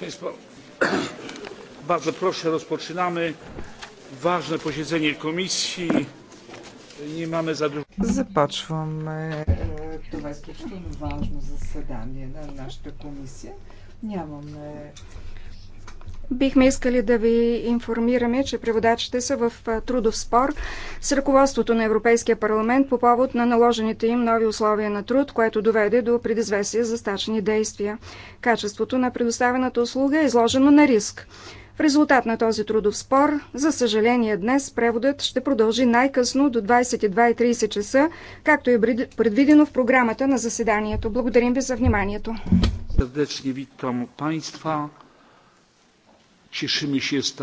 Państwo, bardzo proszę, rozpoczynamy ważne posiedzenie komisji. Nie mamy za dużo... Zapatrzmy. to jest ważne zasadanie na nasze komisję. Nie mamy... Бихме искали да ви информираме, че преводачите са в трудов спор с ръководството на Европейския парламент по повод на наложените им нови условия на труд, което доведе до предизвестие за стачни действия. Качеството на предоставената услуга е изложено на риск. В резултат на този трудов спор, за съжаление днес, преводът ще продължи най-късно до 22.30 часа, както е предвидено в програмата на заседанието. Благодарим ви за вниманието. Сърдечни витам Cieszymy się z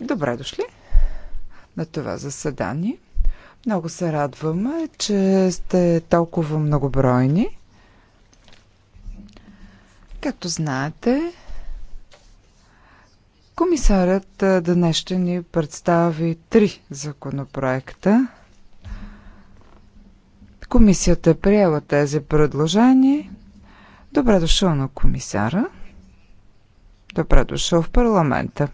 Добре дошли на това заседание. Много се радваме, че сте толкова многобройни. Както знаете, комисарят днес ще ни представи три законопроекта. Комисията е приела тези предложения. Добре дошъл на комисара. Добре дошъл в парламента.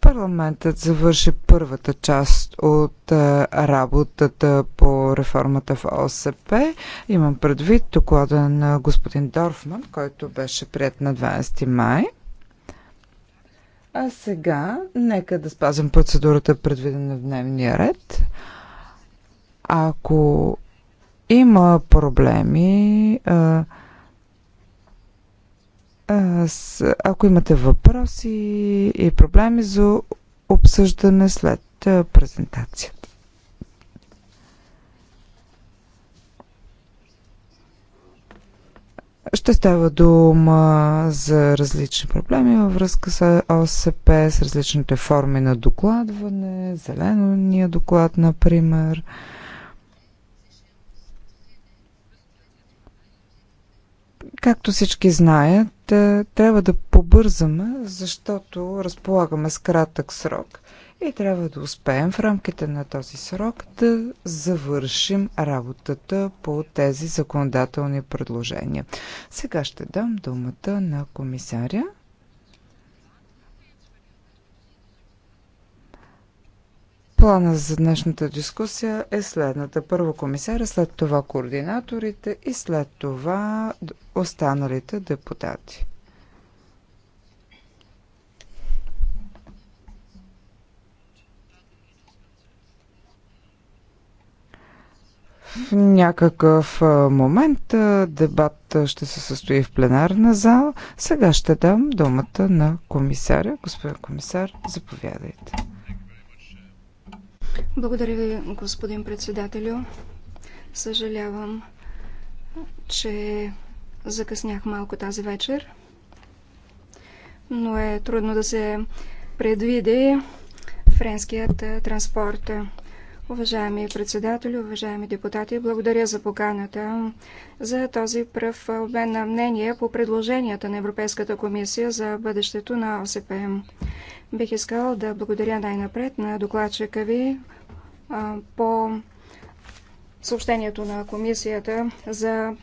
Парламентът завърши първата част от е, работата по реформата в ОСП. Имам предвид доклада на господин Дорфман, който беше прият на 12 май. А сега нека да спазим процедурата, предвидена в дневния ред. Ако има проблеми, е, ако имате въпроси и проблеми за обсъждане след презентацията. Ще става дума за различни проблеми във връзка с ОСП, с различните форми на докладване, зеления доклад, например. Както всички знаят, е, трябва да побързаме, защото разполагаме с кратък срок и трябва да успеем в рамките на този срок да завършим работата по тези законодателни предложения. Сега ще дам думата на комисаря. Плана за днешната дискусия е следната. Първо комисара, след това координаторите и след това останалите депутати. В някакъв момент дебат ще се състои в пленарна зала. Сега ще дам думата на комисаря. Господин комисар, заповядайте. Благодаря ви, господин председателю. Съжалявам, че закъснях малко тази вечер, но е трудно да се предвиди френският транспорт. Уважаеми председатели, уважаеми депутати, благодаря за поканата за този пръв обмен на мнение по предложенията на Европейската комисия за бъдещето на ОСПМ. Бих искал да благодаря най-напред на докладчика ви по съобщението на комисията за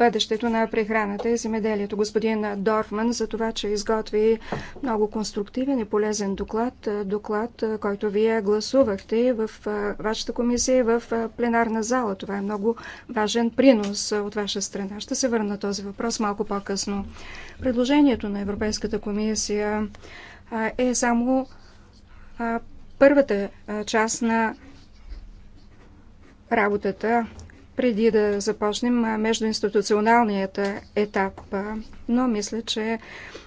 бъдещето на прехраната и земеделието. Господин Дорфман за това, че изготви много конструктивен и полезен доклад, доклад, който вие гласувахте в вашата комисия и в пленарна зала. Това е много важен принос от ваша страна. Ще се върна този въпрос малко по-късно. Предложението на Европейската комисия е само първата част на работата преди да започнем междуинституционалният етап. Но мисля, че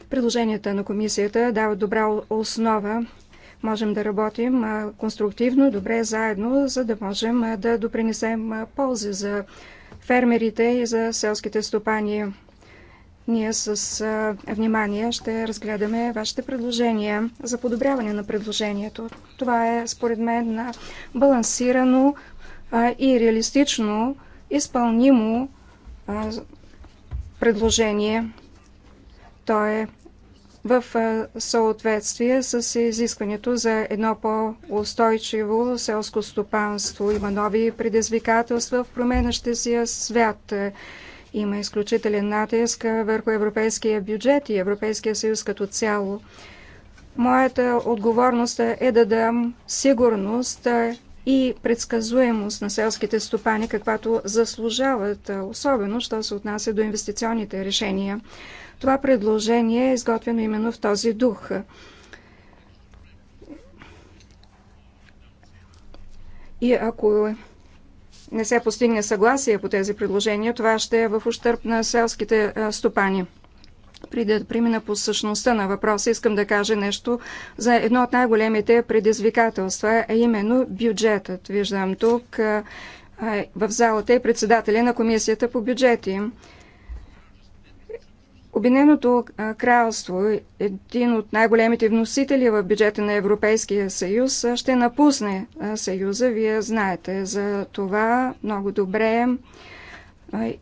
предложенията на комисията дават добра основа. Можем да работим конструктивно, добре заедно, за да можем да допринесем ползи за фермерите и за селските стопани. Ние с внимание ще разгледаме вашите предложения за подобряване на предложението. Това е, според мен, балансирано, и реалистично изпълнимо предложение. То е в съответствие с изискването за едно по-устойчиво селско стопанство. Има нови предизвикателства в променящи си свят. Има изключителен натиск върху европейския бюджет и Европейския съюз като цяло. Моята отговорност е да дам сигурност и предсказуемост на селските стопани, каквато заслужават, особено, що се отнася до инвестиционните решения. Това предложение е изготвено именно в този дух. И ако не се постигне съгласие по тези предложения, това ще е в ущърп на селските стопани. Преди да премина по същността на въпроса, искам да кажа нещо за едно от най-големите предизвикателства, а именно бюджетът. Виждам тук в залата е председателя на Комисията по бюджети. Обединеното кралство, един от най-големите вносители в бюджета на Европейския съюз, ще напусне съюза. Вие знаете за това много добре.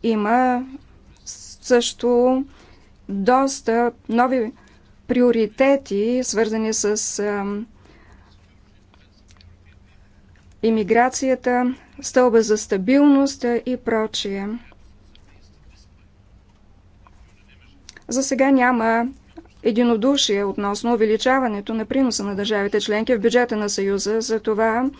Има също доста нови приоритети, свързани с имиграцията, стълба за стабилност и прочие. За сега няма единодушие относно увеличаването на приноса на държавите членки в бюджета на Съюза. За това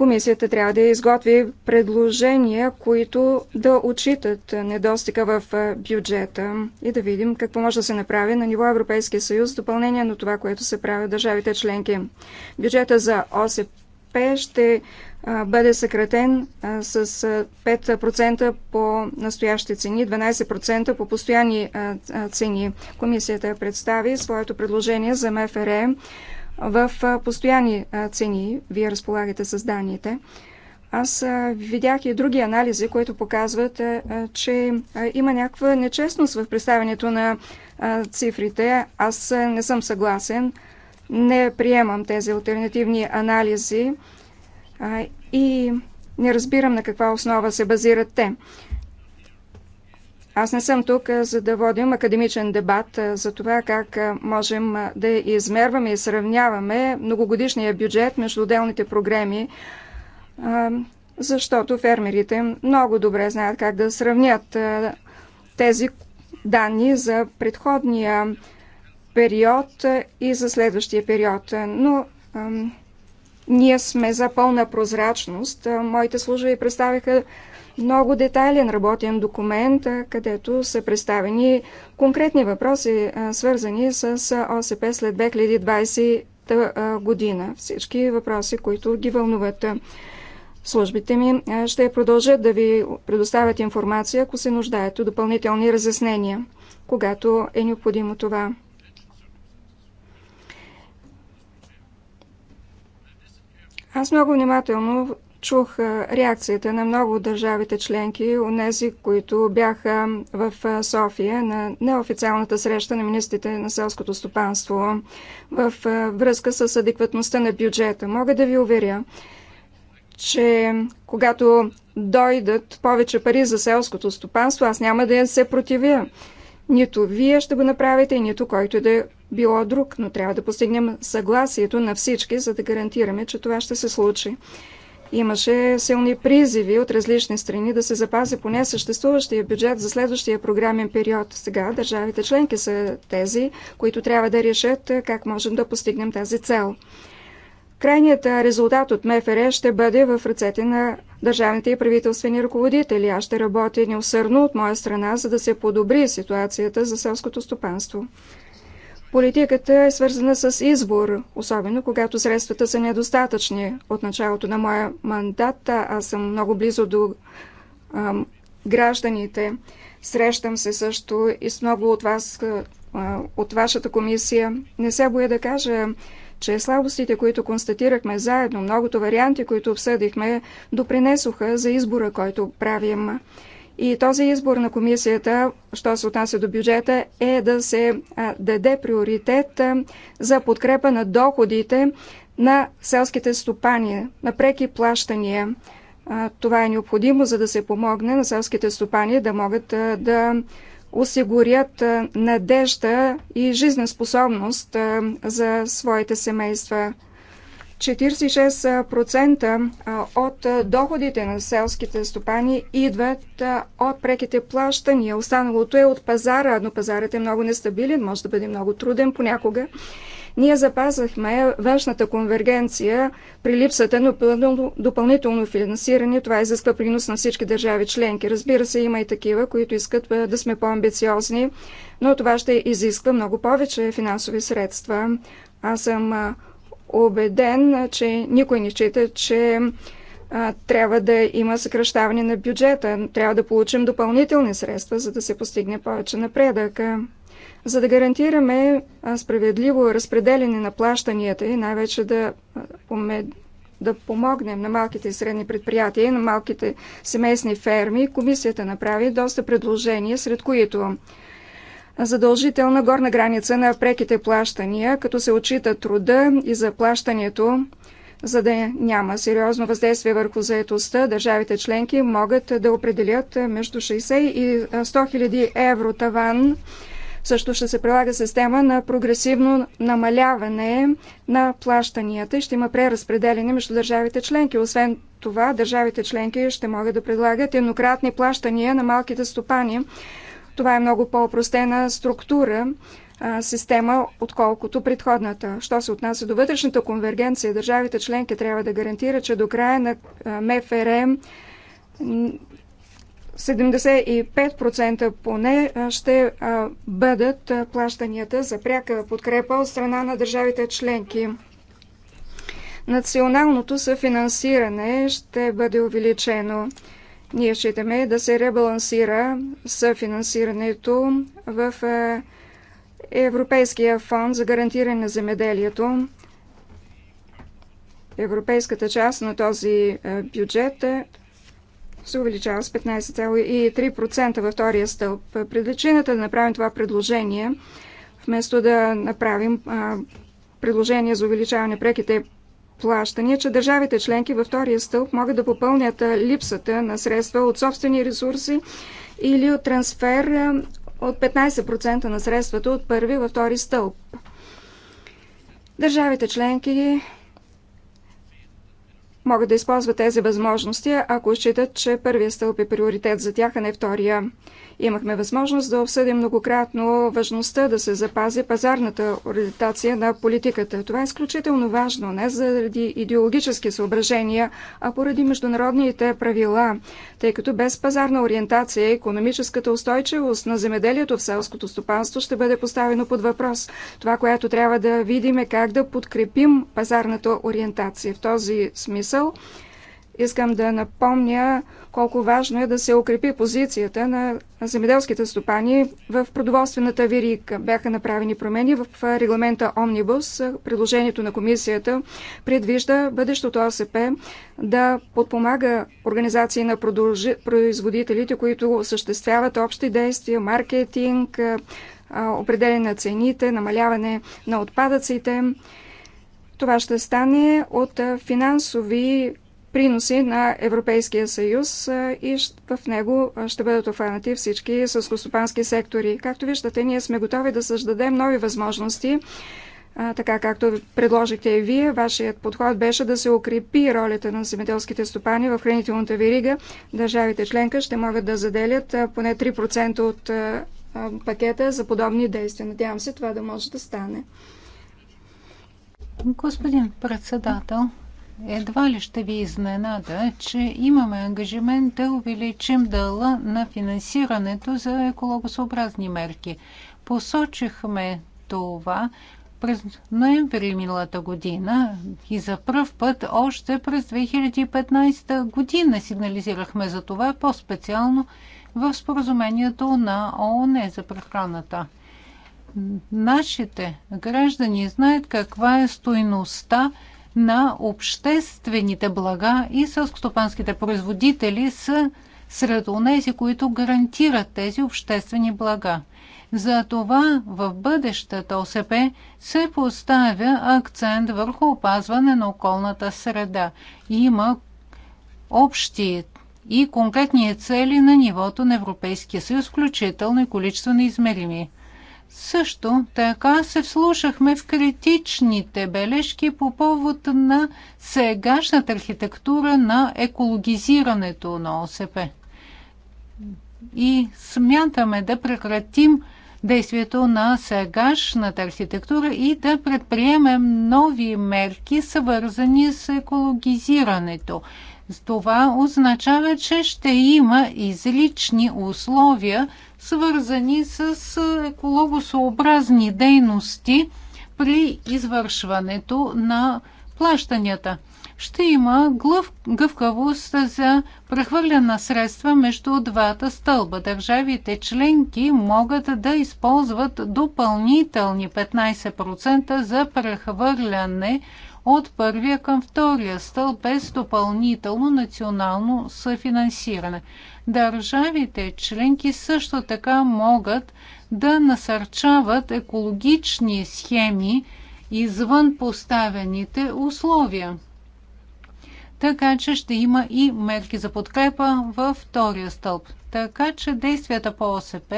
Комисията трябва да изготви предложения, които да отчитат недостига в бюджета и да видим какво може да се направи на ниво Европейския съюз в допълнение на това, което се прави от държавите членки. Бюджета за ОСП ще бъде съкратен с 5% по настоящи цени, 12% по постоянни цени. Комисията представи своето предложение за МФР в постоянни цени. Вие разполагате с данните. Аз видях и други анализи, които показват, че има някаква нечестност в представянето на цифрите. Аз не съм съгласен. Не приемам тези альтернативни анализи и не разбирам на каква основа се базират те. Аз не съм тук, за да водим академичен дебат за това как можем да измерваме и сравняваме многогодишния бюджет между отделните програми, защото фермерите много добре знаят как да сравнят тези данни за предходния период и за следващия период. Но ние сме за пълна прозрачност. Моите служби представиха много детайлен работен документ, където са представени конкретни въпроси, свързани с ОСП след 2020 година. Всички въпроси, които ги вълнуват. Службите ми ще продължат да ви предоставят информация, ако се нуждаят от допълнителни разяснения, когато е необходимо това. Аз много внимателно чух реакцията на много от държавите членки, онези, които бяха в София на неофициалната среща на министрите на селското стопанство в връзка с адекватността на бюджета. Мога да ви уверя, че когато дойдат повече пари за селското стопанство, аз няма да я се противя. Нито вие ще го направите, нито който да е било друг, но трябва да постигнем съгласието на всички, за да гарантираме, че това ще се случи. Имаше силни призиви от различни страни да се запази поне съществуващия бюджет за следващия програмен период. Сега държавите членки са тези, които трябва да решат е, как можем да постигнем тази цел. Крайният е, резултат от МФР ще бъде в ръцете на държавните и правителствени ръководители. Аз ще работя неусърно от моя страна, за да се подобри ситуацията за селското стопанство. Политиката е свързана с избор, особено когато средствата са недостатъчни. От началото на моя мандат аз съм много близо до ам, гражданите. Срещам се също и с много от вас, а, от вашата комисия. Не се боя да кажа, че слабостите, които констатирахме заедно, многото варианти, които обсъдихме, допринесоха за избора, който правим. И този избор на комисията, що се отнася до бюджета, е да се даде приоритет за подкрепа на доходите на селските стопани, на преки плащания. Това е необходимо, за да се помогне на селските стопани да могат да осигурят надежда и жизнеспособност за своите семейства. 46% от доходите на селските стопани идват от преките плащания. Останалото е от пазара, но пазарът е много нестабилен, може да бъде много труден понякога. Ние запазахме външната конвергенция при липсата на допълнително финансиране. Това изисква е принос на всички държави членки. Разбира се, има и такива, които искат да сме по-амбициозни, но това ще изисква много повече финансови средства. Аз съм убеден, че никой не счита, че а, трябва да има съкръщаване на бюджета. Трябва да получим допълнителни средства, за да се постигне повече напредък. За да гарантираме справедливо разпределение на плащанията и най-вече да, да помогнем на малките и средни предприятия и на малките семейни ферми, комисията направи доста предложения, сред които задължителна горна граница на преките плащания, като се отчита труда и заплащането, за да няма сериозно въздействие върху заетостта, държавите членки могат да определят между 60 и 100 хиляди евро таван. Също ще се прилага система на прогресивно намаляване на плащанията и ще има преразпределение между държавите членки. Освен това, държавите членки ще могат да предлагат еднократни плащания на малките стопани, това е много по-опростена структура, система, отколкото предходната. Що се отнася до вътрешната конвергенция, държавите членки трябва да гарантира, че до края на МФРМ 75% поне ще бъдат плащанията за пряка подкрепа от страна на държавите членки. Националното съфинансиране ще бъде увеличено. Ние считаме да се ребалансира съфинансирането в е, Европейския фонд за гарантиране на земеделието. Европейската част на този е, бюджет е, се увеличава с 15,3% във втория стълб. Причината да направим това предложение, вместо да направим предложение за увеличаване преките плащания, че държавите членки във втория стълб могат да попълнят липсата на средства от собствени ресурси или от трансфер от 15% на средствата от първи във втори стълб. Държавите членки могат да използват тези възможности, ако считат, че първият стълб е приоритет за тях, а не втория. Имахме възможност да обсъдим многократно важността да се запази пазарната ориентация на политиката. Това е изключително важно, не заради идеологически съображения, а поради международните правила, тъй като без пазарна ориентация економическата устойчивост на земеделието в селското стопанство ще бъде поставено под въпрос. Това, което трябва да видим е как да подкрепим пазарната ориентация. В този смисъл председател. Искам да напомня колко важно е да се укрепи позицията на земеделските стопани в продоволствената верига. Бяха направени промени в регламента Омнибус. Предложението на комисията предвижда бъдещото ОСП да подпомага организации на производителите, които осъществяват общи действия, маркетинг, определение на цените, намаляване на отпадъците. Това ще стане от финансови приноси на Европейския съюз и в него ще бъдат обхванати всички съскостопански сектори. Както виждате, ние сме готови да създадем нови възможности, така както предложихте и вие. Вашият подход беше да се укрепи ролята на земеделските стопани в хранителната верига. Държавите членка ще могат да заделят поне 3% от пакета за подобни действия. Надявам се това да може да стане. Господин председател, едва ли ще ви изненада, че имаме ангажимент да увеличим дъла на финансирането за екологосъобразни мерки. Посочихме това през ноември миналата година и за първ път още през 2015 година сигнализирахме за това, по-специално в споразумението на ООН за прехраната нашите граждани знаят каква е стойността на обществените блага и селскостопанските производители са сред онези, които гарантират тези обществени блага. Затова в бъдещата ОСП се поставя акцент върху опазване на околната среда. Има общи и конкретни цели на нивото на Европейския съюз, включително и количествено измерими. Също така се вслушахме в критичните бележки по повод на сегашната архитектура на екологизирането на ОСП. И смятаме да прекратим действието на сегашната архитектура и да предприемем нови мерки, свързани с екологизирането. Това означава, че ще има излични условия, свързани с екологосообразни дейности при извършването на плащанията. Ще има глъв, гъвкавост за прехвърляна средства между двата стълба. Държавите членки могат да използват допълнителни 15% за прехвърляне от първия към втория стълб без допълнително национално съфинансиране. Държавите членки също така могат да насърчават екологични схеми извън поставените условия. Така че ще има и мерки за подкрепа във втория стълб. Така че действията по ОСП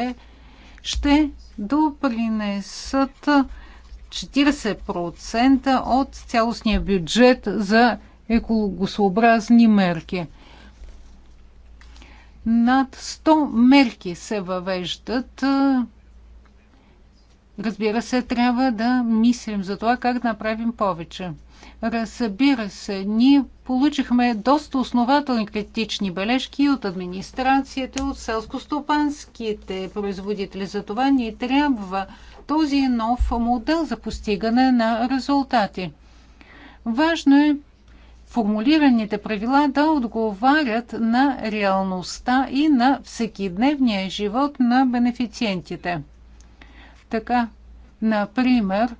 ще допринесат 40% от цялостния бюджет за екологосообразни мерки. Над 100 мерки се въвеждат. Разбира се, трябва да мислим за това как да направим повече. Разбира се, ние получихме доста основателни критични бележки от администрацията, от селско-стопанските производители. За това ни трябва този нов модел за постигане на резултати. Важно е формулираните правила да отговарят на реалността и на всекидневния живот на бенефициентите. Така, например,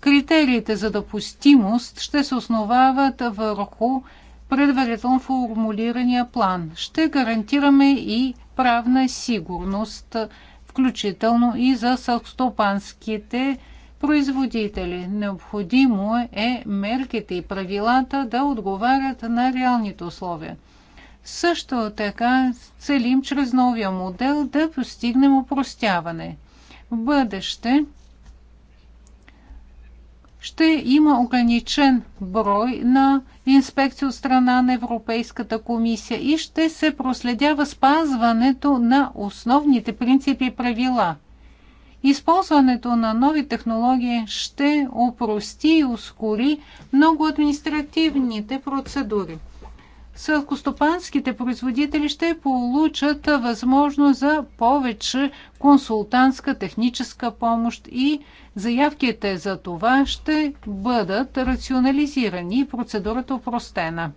критериите за допустимост ще се основават върху предварително формулирания план. Ще гарантираме и правна сигурност, включително и за селскостопанските производители. Необходимо е мерките и правилата да отговарят на реалните условия. Също така целим чрез новия модел да постигнем упростяване. В бъдеще ще има ограничен брой на инспекции от страна на Европейската комисия и ще се проследява спазването на основните принципи и правила. Използването на нови технологии ще опрости и ускори много административните процедури. Сълкостопанските производители ще получат възможност за повече консултантска техническа помощ и заявките за това ще бъдат рационализирани и процедурата упростена.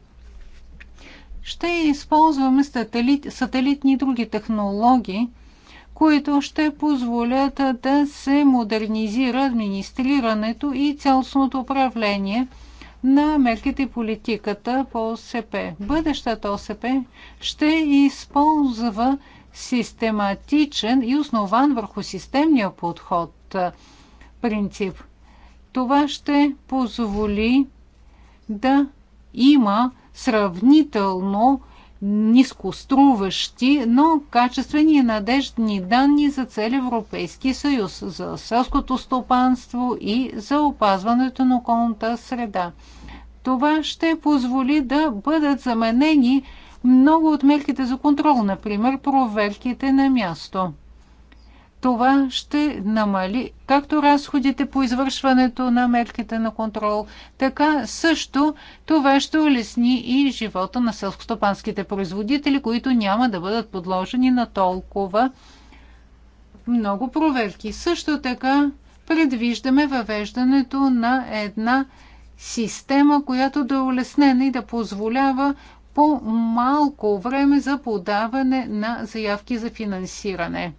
Ще използваме сателит, сателитни и други технологии, които ще позволят да се модернизира администрирането и цялостното управление на мерките и политиката по ОСП. Бъдещата ОСП ще използва систематичен и основан върху системния подход принцип. Това ще позволи да има сравнително ниско струващи, но качествени и надеждни данни за цели Европейски съюз, за селското стопанство и за опазването на околната среда. Това ще позволи да бъдат заменени много от мерките за контрол, например проверките на място. Това ще намали както разходите по извършването на мерките на контрол, така също това ще улесни и живота на селскостопанските производители, които няма да бъдат подложени на толкова много проверки. Също така предвиждаме въвеждането на една система, която да е улеснена и да позволява по-малко време за подаване на заявки за финансиране.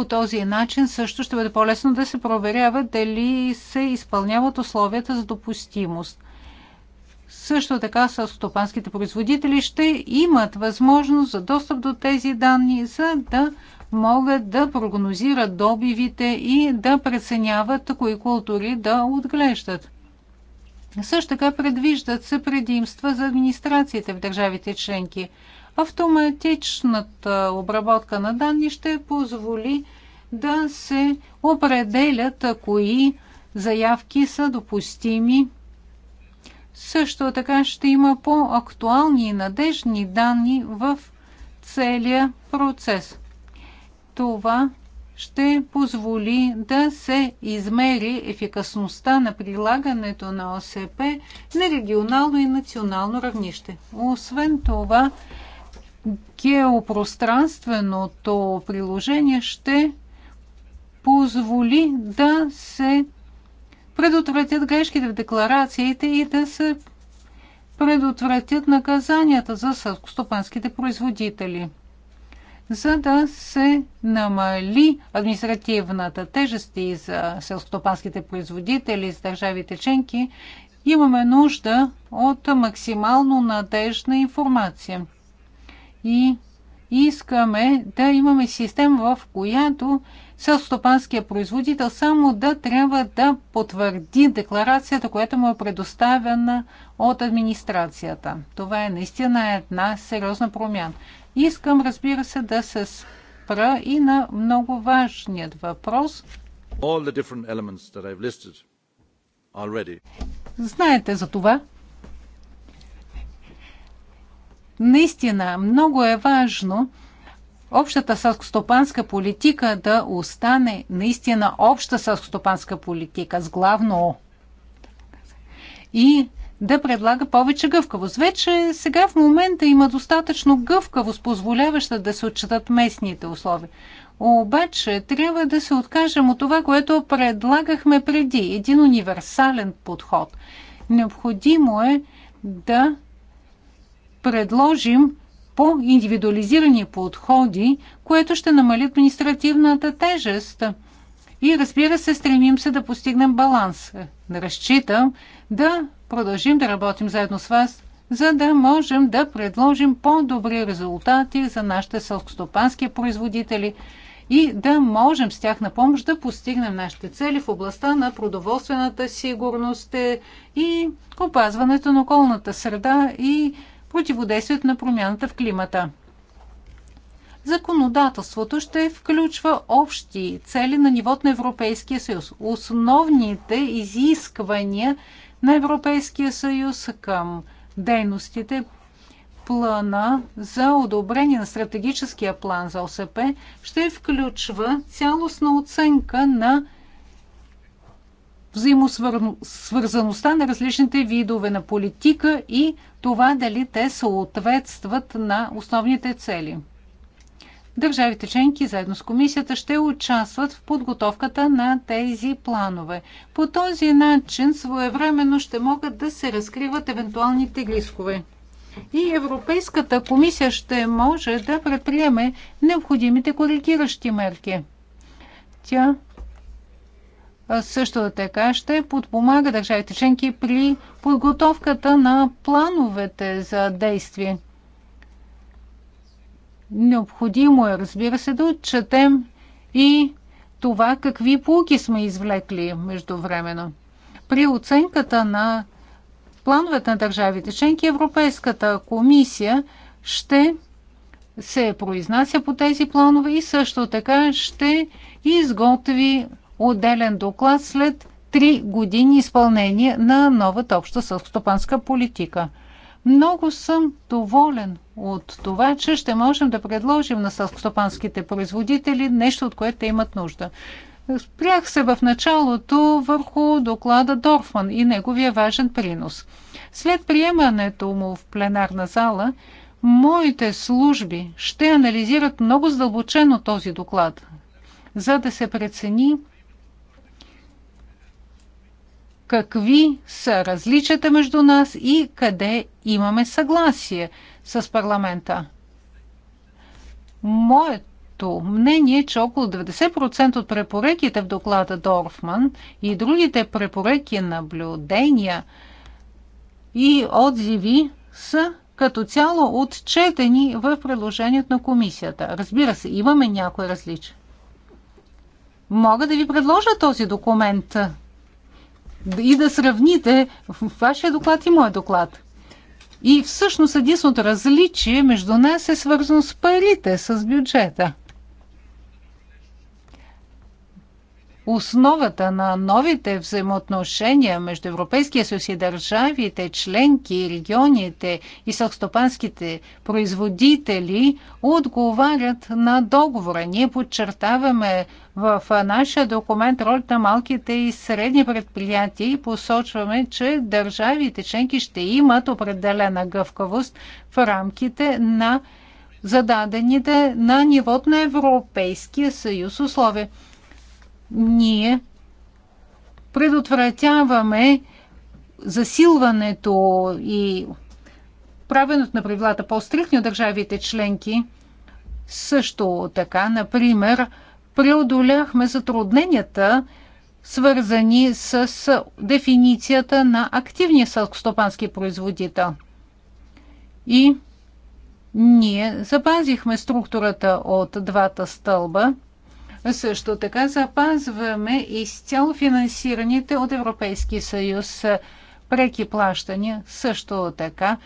По този начин също ще бъде по-лесно да се проверява дали се изпълняват условията за допустимост. Също така стопанските производители ще имат възможност за достъп до тези данни, за да могат да прогнозират добивите и да преценяват кои култури да отглеждат. Също така предвиждат се предимства за администрациите в държавите членки – автоматичната обработка на данни ще позволи да се определят кои заявки са допустими. Също така ще има по-актуални и надежни данни в целия процес. Това ще позволи да се измери ефикасността на прилагането на ОСП на регионално и национално равнище. Освен това, геопространственото приложение ще позволи да се предотвратят грешките в декларациите и да се предотвратят наказанията за селскостопанските производители. За да се намали административната тежест и за селскостопанските производители с държавите членки, имаме нужда от максимално надежна информация – и искаме да имаме система, в която селстопанския производител само да трябва да потвърди декларацията, която му е предоставена от администрацията. Това е наистина една сериозна промяна. Искам, разбира се, да се спра и на много важният въпрос. Знаете за това, Наистина, много е важно общата селскостопанска политика да остане наистина обща селскостопанска политика с главно О. И да предлага повече гъвкавост. Вече сега в момента има достатъчно гъвкавост, позволяваща да се отчитат местните условия. Обаче трябва да се откажем от това, което предлагахме преди. Един универсален подход. Необходимо е да предложим по-индивидуализирани подходи, което ще намали административната тежест. И разбира се, стремим се да постигнем баланс. Разчитам да продължим да работим заедно с вас, за да можем да предложим по-добри резултати за нашите селскостопански производители и да можем с тях на помощ да постигнем нашите цели в областта на продоволствената сигурност и опазването на околната среда и противодействието на промяната в климата. Законодателството ще включва общи цели на нивото на Европейския съюз. Основните изисквания на Европейския съюз към дейностите плана за одобрение на стратегическия план за ОСП ще включва цялостна оценка на взаимосвързаността на различните видове на политика и това дали те съответстват на основните цели. Държавите членки заедно с комисията ще участват в подготовката на тези планове. По този начин своевременно ще могат да се разкриват евентуалните рискове. И Европейската комисия ще може да предприеме необходимите коригиращи мерки. Тя също така ще подпомага държавите членки при подготовката на плановете за действие. Необходимо е, разбира се, да отчетем и това какви полки сме извлекли междувременно. При оценката на плановете на държавите членки Европейската комисия ще се произнася по тези планове и също така ще изготви отделен доклад след 3 години изпълнение на новата обща селскостопанска политика. Много съм доволен от това, че ще можем да предложим на селскостопанските производители нещо, от което те имат нужда. Спрях се в началото върху доклада Дорфман и неговия важен принос. След приемането му в пленарна зала, моите служби ще анализират много задълбочено този доклад, за да се прецени какви са различията между нас и къде имаме съгласие с парламента. Моето мнение е, че около 90% от препоръките в доклада Дорфман и другите препоръки наблюдения и отзиви са като цяло отчетени в предложението на комисията. Разбира се, имаме някои различия. Мога да ви предложа този документ и да сравните вашия доклад и моят доклад. И всъщност единственото различие между нас е свързано с парите, с бюджета. основата на новите взаимоотношения между Европейския съюз и държавите, членки, регионите и сълхстопанските производители отговарят на договора. Ние подчертаваме в нашия документ ролята на малките и средни предприятия и посочваме, че държавите членки ще имат определена гъвкавост в рамките на зададените на нивото на Европейския съюз условия ние предотвратяваме засилването и правенето на правилата по стрихни от държавите членки. Също така, например, преодоляхме затрудненията, свързани с дефиницията на активния селскостопански производител. И ние запазихме структурата от двата стълба – също така запазваме изцяло финансираните от Европейския съюз преки плащания. Също така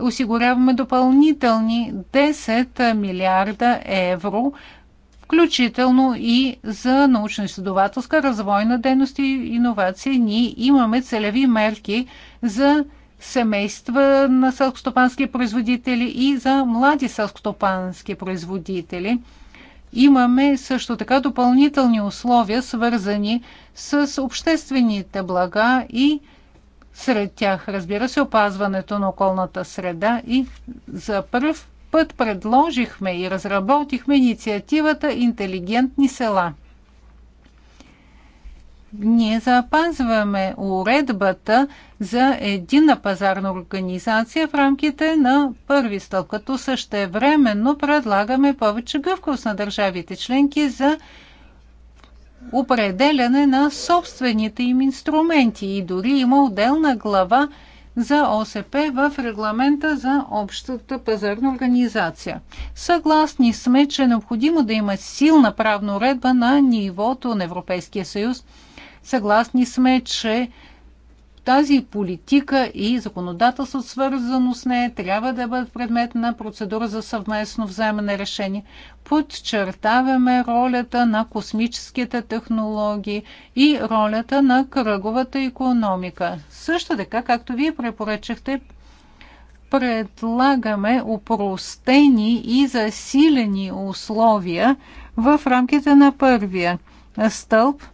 осигуряваме допълнителни 10 милиарда евро, включително и за научно-изследователска развойна дейност и иновации. Ние имаме целеви мерки за семейства на селскостопански производители и за млади селскостопански производители – Имаме също така допълнителни условия, свързани с обществените блага и сред тях, разбира се, опазването на околната среда и за първ път предложихме и разработихме инициативата Интелигентни села ние запазваме уредбата за единна пазарна организация в рамките на първи стълб, като същевременно предлагаме повече гъвкост на държавите членки за определяне на собствените им инструменти и дори има отделна глава за ОСП в регламента за общата пазарна организация. Съгласни сме, че е необходимо да има силна правна уредба на нивото на Европейския съюз – Съгласни сме, че тази политика и законодателство, свързано с нея, трябва да бъдат предмет на процедура за съвместно вземане решение. Подчертаваме ролята на космическите технологии и ролята на кръговата економика. Също така, както вие препоръчахте, предлагаме упростени и засилени условия в рамките на първия стълб –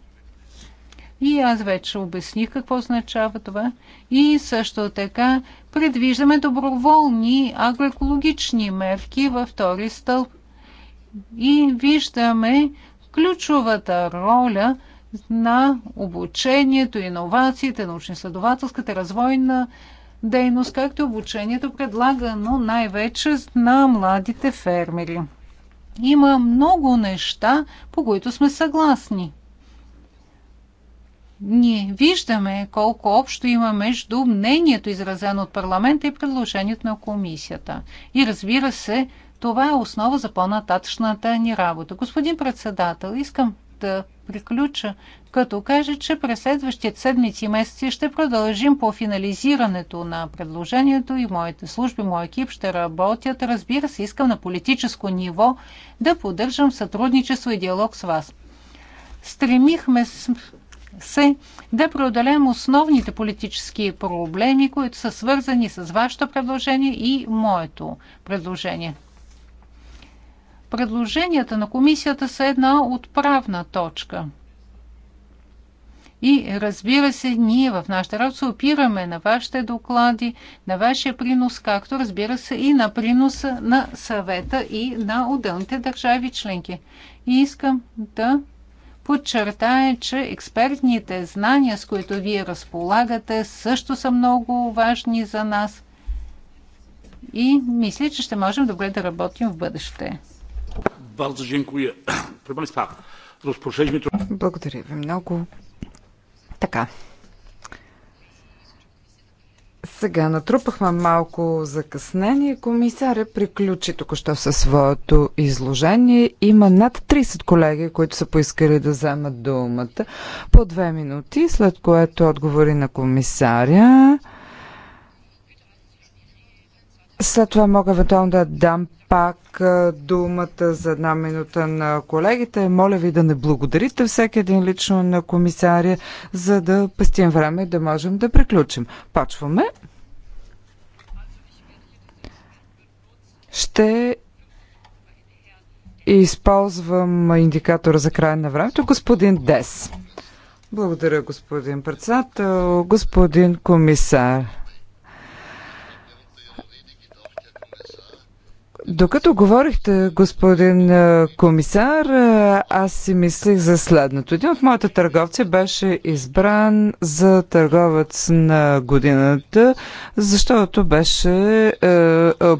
и аз вече обясних какво означава това. И също така предвиждаме доброволни агроекологични мерки във втори стълб. И виждаме ключовата роля на обучението, иновациите, научно-изследователската, развойна дейност, както обучението предлагано най-вече на младите фермери. Има много неща, по които сме съгласни ние виждаме колко общо има между мнението, изразено от парламента и предложението на комисията. И разбира се, това е основа за по-нататъчната ни работа. Господин председател, искам да приключа, като каже, че през следващите седмици и месеци ще продължим по финализирането на предложението и моите служби, мой екип ще работят. Разбира се, искам на политическо ниво да поддържам сътрудничество и диалог с вас. Стремихме се да преодолеем основните политически проблеми, които са свързани с вашето предложение и моето предложение. Предложенията на комисията са една отправна точка. И разбира се, ние в нашата работа се опираме на вашите доклади, на вашия принос, както разбира се и на приноса на съвета и на отделните държави членки. И искам да подчертая, че експертните знания, с които вие разполагате, също са много важни за нас и мисля, че ще можем добре да работим в бъдеще. Благодаря ви много. Така, сега натрупахме малко закъснение. Комисаря приключи току-що със своето изложение. Има над 30 колеги, които са поискали да вземат думата по две минути, след което отговори на комисаря. След това мога евентуално да дам пак думата за една минута на колегите. Моля ви да не благодарите всеки един лично на комисаря, за да пестим време и да можем да приключим. Почваме. Ще използвам индикатора за край на времето. Господин Дес. Благодаря, господин председател. Господин комисар. Докато говорихте, господин комисар, аз си мислих за следното. Един от моите търговци беше избран за търговец на годината, защото беше е,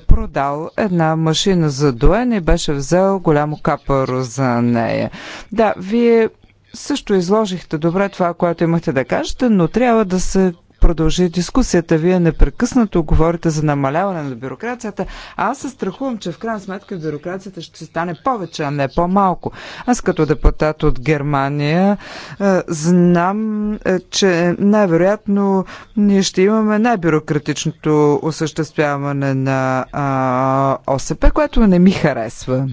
продал една машина за доене и беше взел голямо капаро за нея. Да, вие също изложихте добре това, което имахте да кажете, но трябва да се продължи дискусията. Вие непрекъснато говорите за намаляване на бюрокрацията, а аз се страхувам, че в крайна сметка бюрокрацията ще стане повече, а не по-малко. Аз като депутат от Германия е, знам, е, че най-вероятно ние ще имаме най-бюрократичното осъществяване на ОСП, което не ми харесва.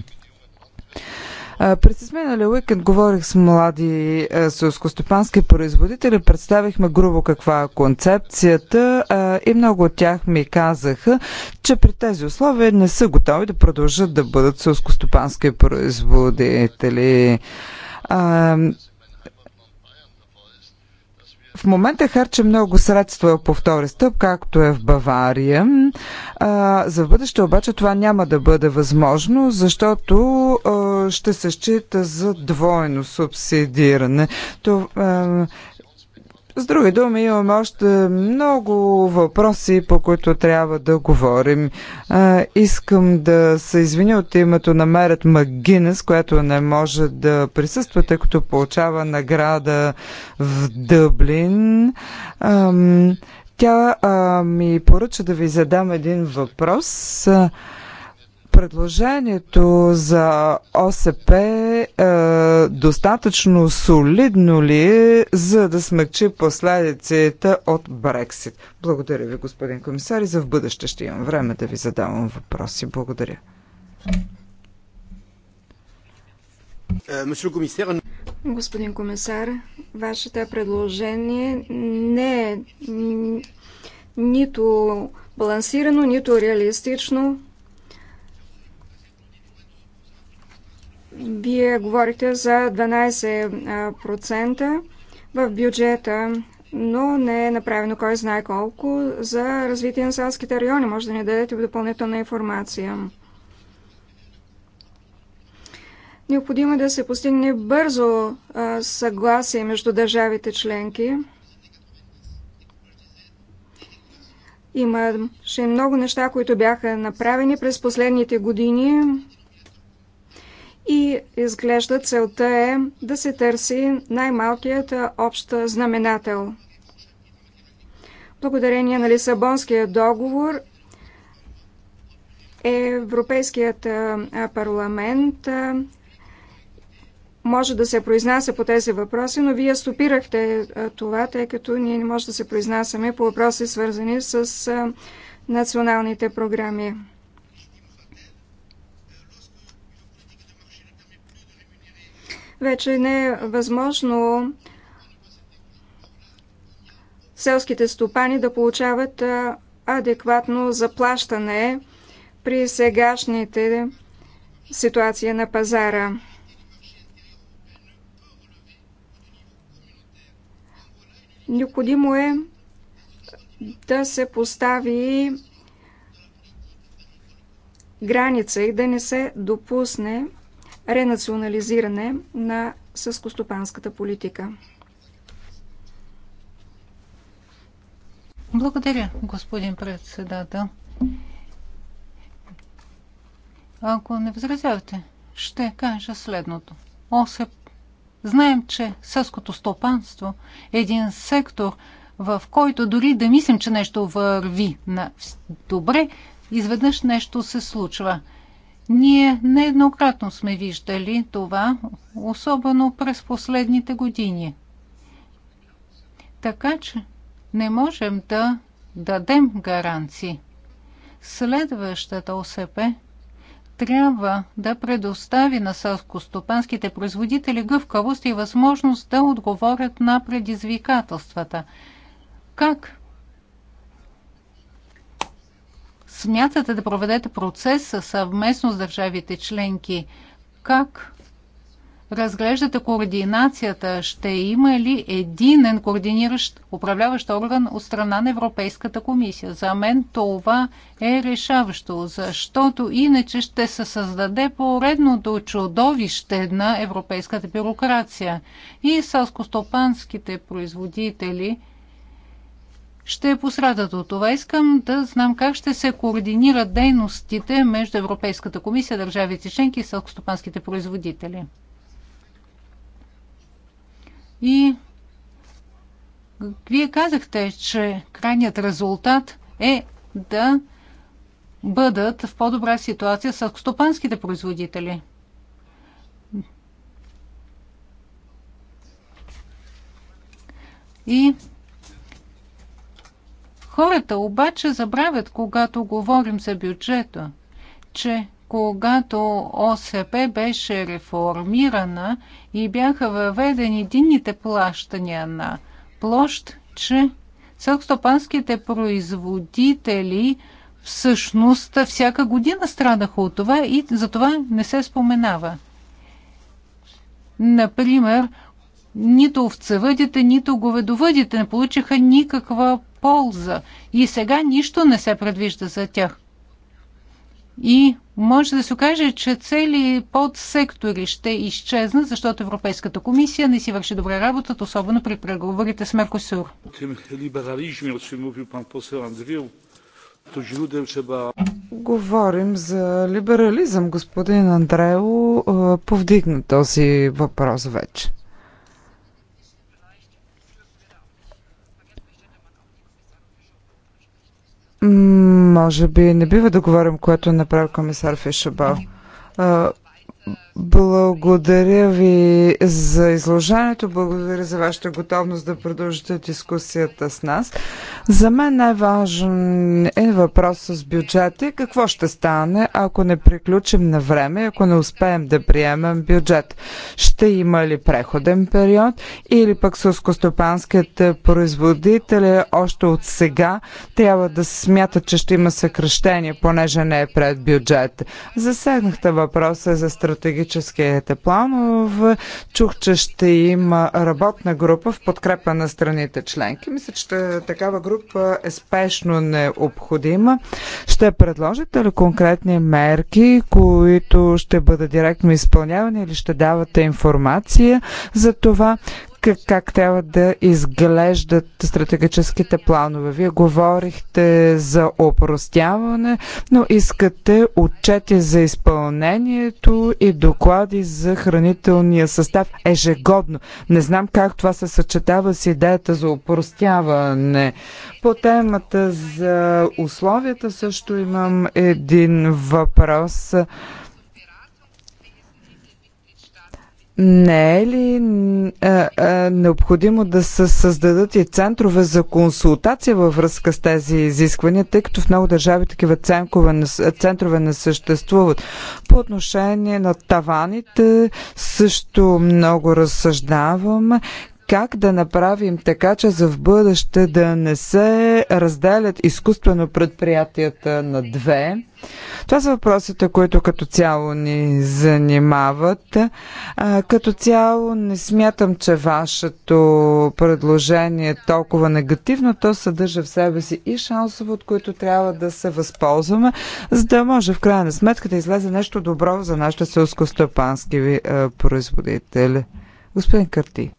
През изминалия уикенд говорих с млади селскостопански производители, представихме грубо каква е концепцията и много от тях ми казаха, че при тези условия не са готови да продължат да бъдат селскостопански производители. В момента харча много средства по втори стъп, както е в Бавария. А, за бъдеще обаче това няма да бъде възможно, защото а, ще се счита за двойно субсидиране. То, е, с други думи, имаме още много въпроси, по които трябва да говорим. А, е, искам да се извиня от името на Мерет Магинес, която не може да присъства, тъй като получава награда в Дъблин. А, тя а, ми поръча да ви задам един въпрос. А, Предложението за ОСП е достатъчно солидно ли е, за да смъкчи последиците от Брексит? Благодаря ви, господин комисар, и за в бъдеще ще имам време да ви задавам въпроси. Благодаря. Е, господин комисар, вашето предложение не е нито балансирано, нито реалистично. Вие говорите за 12% в бюджета, но не е направено кой знае колко за развитие на селските райони. Може да ни дадете допълнителна информация. Необходимо е да се постигне бързо съгласие между държавите членки. Имаше много неща, които бяха направени през последните години и изглежда целта е да се търси най-малкият общ знаменател. Благодарение на Лисабонския договор Европейският парламент може да се произнася по тези въпроси, но вие стопирахте това, тъй като ние не може да се произнасяме по въпроси свързани с националните програми. вече не е възможно селските стопани да получават адекватно заплащане при сегашните ситуация на пазара. Необходимо е да се постави граница и да не се допусне ренационализиране на съскостопанската политика. Благодаря, господин председател. Ако не възразявате, ще кажа следното. ОСЕП. Знаем, че съското стопанство е един сектор, в който дори да мислим, че нещо върви на добре, изведнъж нещо се случва. Ние нееднократно сме виждали това, особено през последните години. Така че не можем да дадем гаранции. Следващата ОСП трябва да предостави на селскостопанските производители гъвкавост и възможност да отговорят на предизвикателствата. Как смятате да проведете процеса съвместно с държавите членки? Как разглеждате координацията? Ще има ли единен координиращ управляващ орган от страна на Европейската комисия? За мен това е решаващо, защото иначе ще се създаде поредното чудовище на европейската бюрокрация и селскостопанските производители ще е пострадат от това. Искам да знам как ще се координират дейностите между Европейската комисия, държавите членки и сълкостопанските производители. И вие казахте, че крайният резултат е да бъдат в по-добра ситуация сълкостопанските производители. И Хората обаче забравят, когато говорим за бюджета, че когато ОСП беше реформирана и бяха въведени единните плащания на площ, че селстопанските производители всъщност всяка година страдаха от това и за това не се споменава. Например, нито овцевъдите, нито говедовъдите не получиха никаква полза и сега нищо не се предвижда за тях. И може да се окаже, че цели подсектори ще изчезнат, защото Европейската комисия не си върши добре работата, особено при преговорите с Меркосур. Говорим за либерализъм. Господин Андрео повдигна този въпрос вече. Може би не бива да говорим, което е направил комисар Фишебал. Благодаря ви за изложението, благодаря за вашата готовност да продължите дискусията с нас. За мен най-важен е въпрос с бюджета и какво ще стане, ако не приключим на време, ако не успеем да приемем бюджет. Ще има ли преходен период или пък сълскостопанските производители е още от сега трябва да смятат, че ще има съкръщение, понеже не е пред бюджет. Засегнахте въпроса за стратегически стратегическите планове. Чух, че ще има работна група в подкрепа на страните членки. Мисля, че такава група е спешно необходима. Ще предложите ли конкретни мерки, които ще бъдат директно изпълнявани или ще давате информация за това как, как трябва да изглеждат стратегическите планове. Вие говорихте за опростяване, но искате отчети за изпълнението и доклади за хранителния състав ежегодно. Не знам как това се съчетава с идеята за опростяване. По темата за условията също имам един въпрос. Не е ли а, а, необходимо да се създадат и центрове за консултация във връзка с тези изисквания, тъй като в много държави такива центрове, центрове не съществуват? По отношение на таваните също много разсъждавам как да направим така, че за в бъдеще да не се разделят изкуствено предприятията на две. Това са въпросите, които като цяло ни занимават. Като цяло не смятам, че вашето предложение е толкова негативно. То съдържа в себе си и шансове, от които трябва да се възползваме, за да може в крайна сметка да излезе нещо добро за нашите селско-стопански производители. Господин Карти.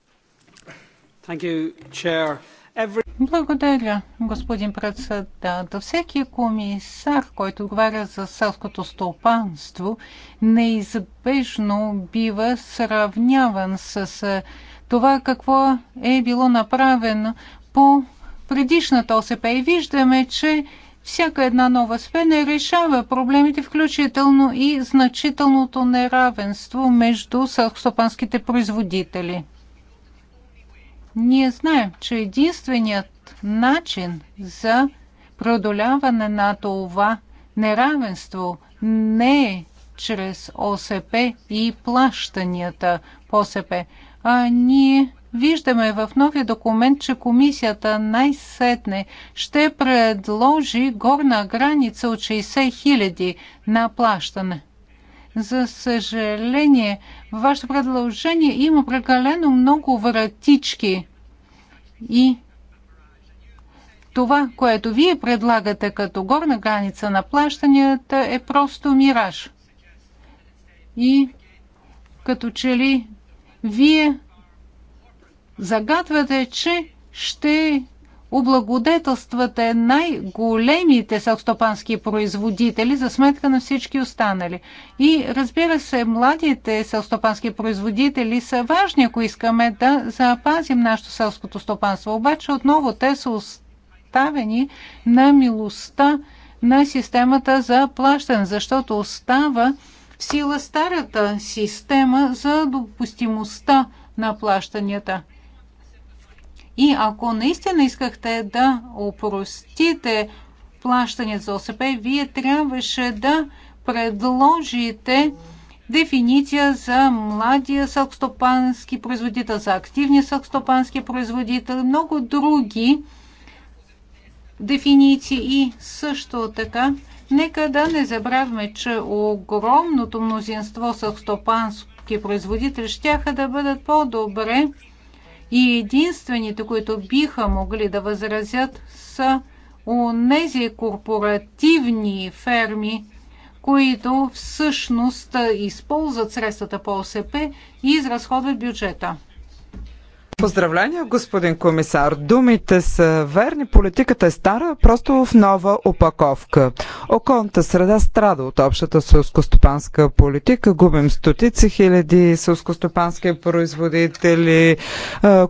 Благодаря, господин председател. Всеки комисар, който говоря за селското стопанство, неизбежно бива сравняван с това какво е било направено по предишната ОСП. И виждаме, че всяка една нова сфера не решава проблемите, включително и значителното неравенство между селскостопанските производители. Ние знаем, че единственият начин за продоляване на това неравенство не е чрез ОСП и плащанията по ОСП. А ние виждаме в новия документ, че комисията най-сетне ще предложи горна граница от 60 хиляди на плащане. За съжаление, във вашето предложение има прекалено много вратички. И това, което вие предлагате като горна граница на плащанията е просто мираж. И като че ли вие загадвате, че ще облагодетелствате най-големите селстопански производители за сметка на всички останали. И разбира се, младите селстопански производители са важни, ако искаме да запазим нашето селското стопанство. Обаче отново те са оставени на милостта на системата за плащане, защото остава в сила старата система за допустимостта на плащанията – и ако наистина искахте да опростите плащане за ОСП, вие трябваше да предложите дефиниция за младия селскостопански производител, за активния селскостопански производител, много други дефиниции и също така нека да не забравяме, че огромното мнозинство селскостопански производители ще да бъдат по-добре и единствените, които биха могли да възразят, са нези корпоративни ферми, които всъщност използват средствата по ОСП и изразходват бюджета. Поздравления, господин комисар. Думите са верни, политиката е стара, просто в нова опаковка. Околната среда страда от общата селскостопанска политика. Губим стотици хиляди селскостопански производители,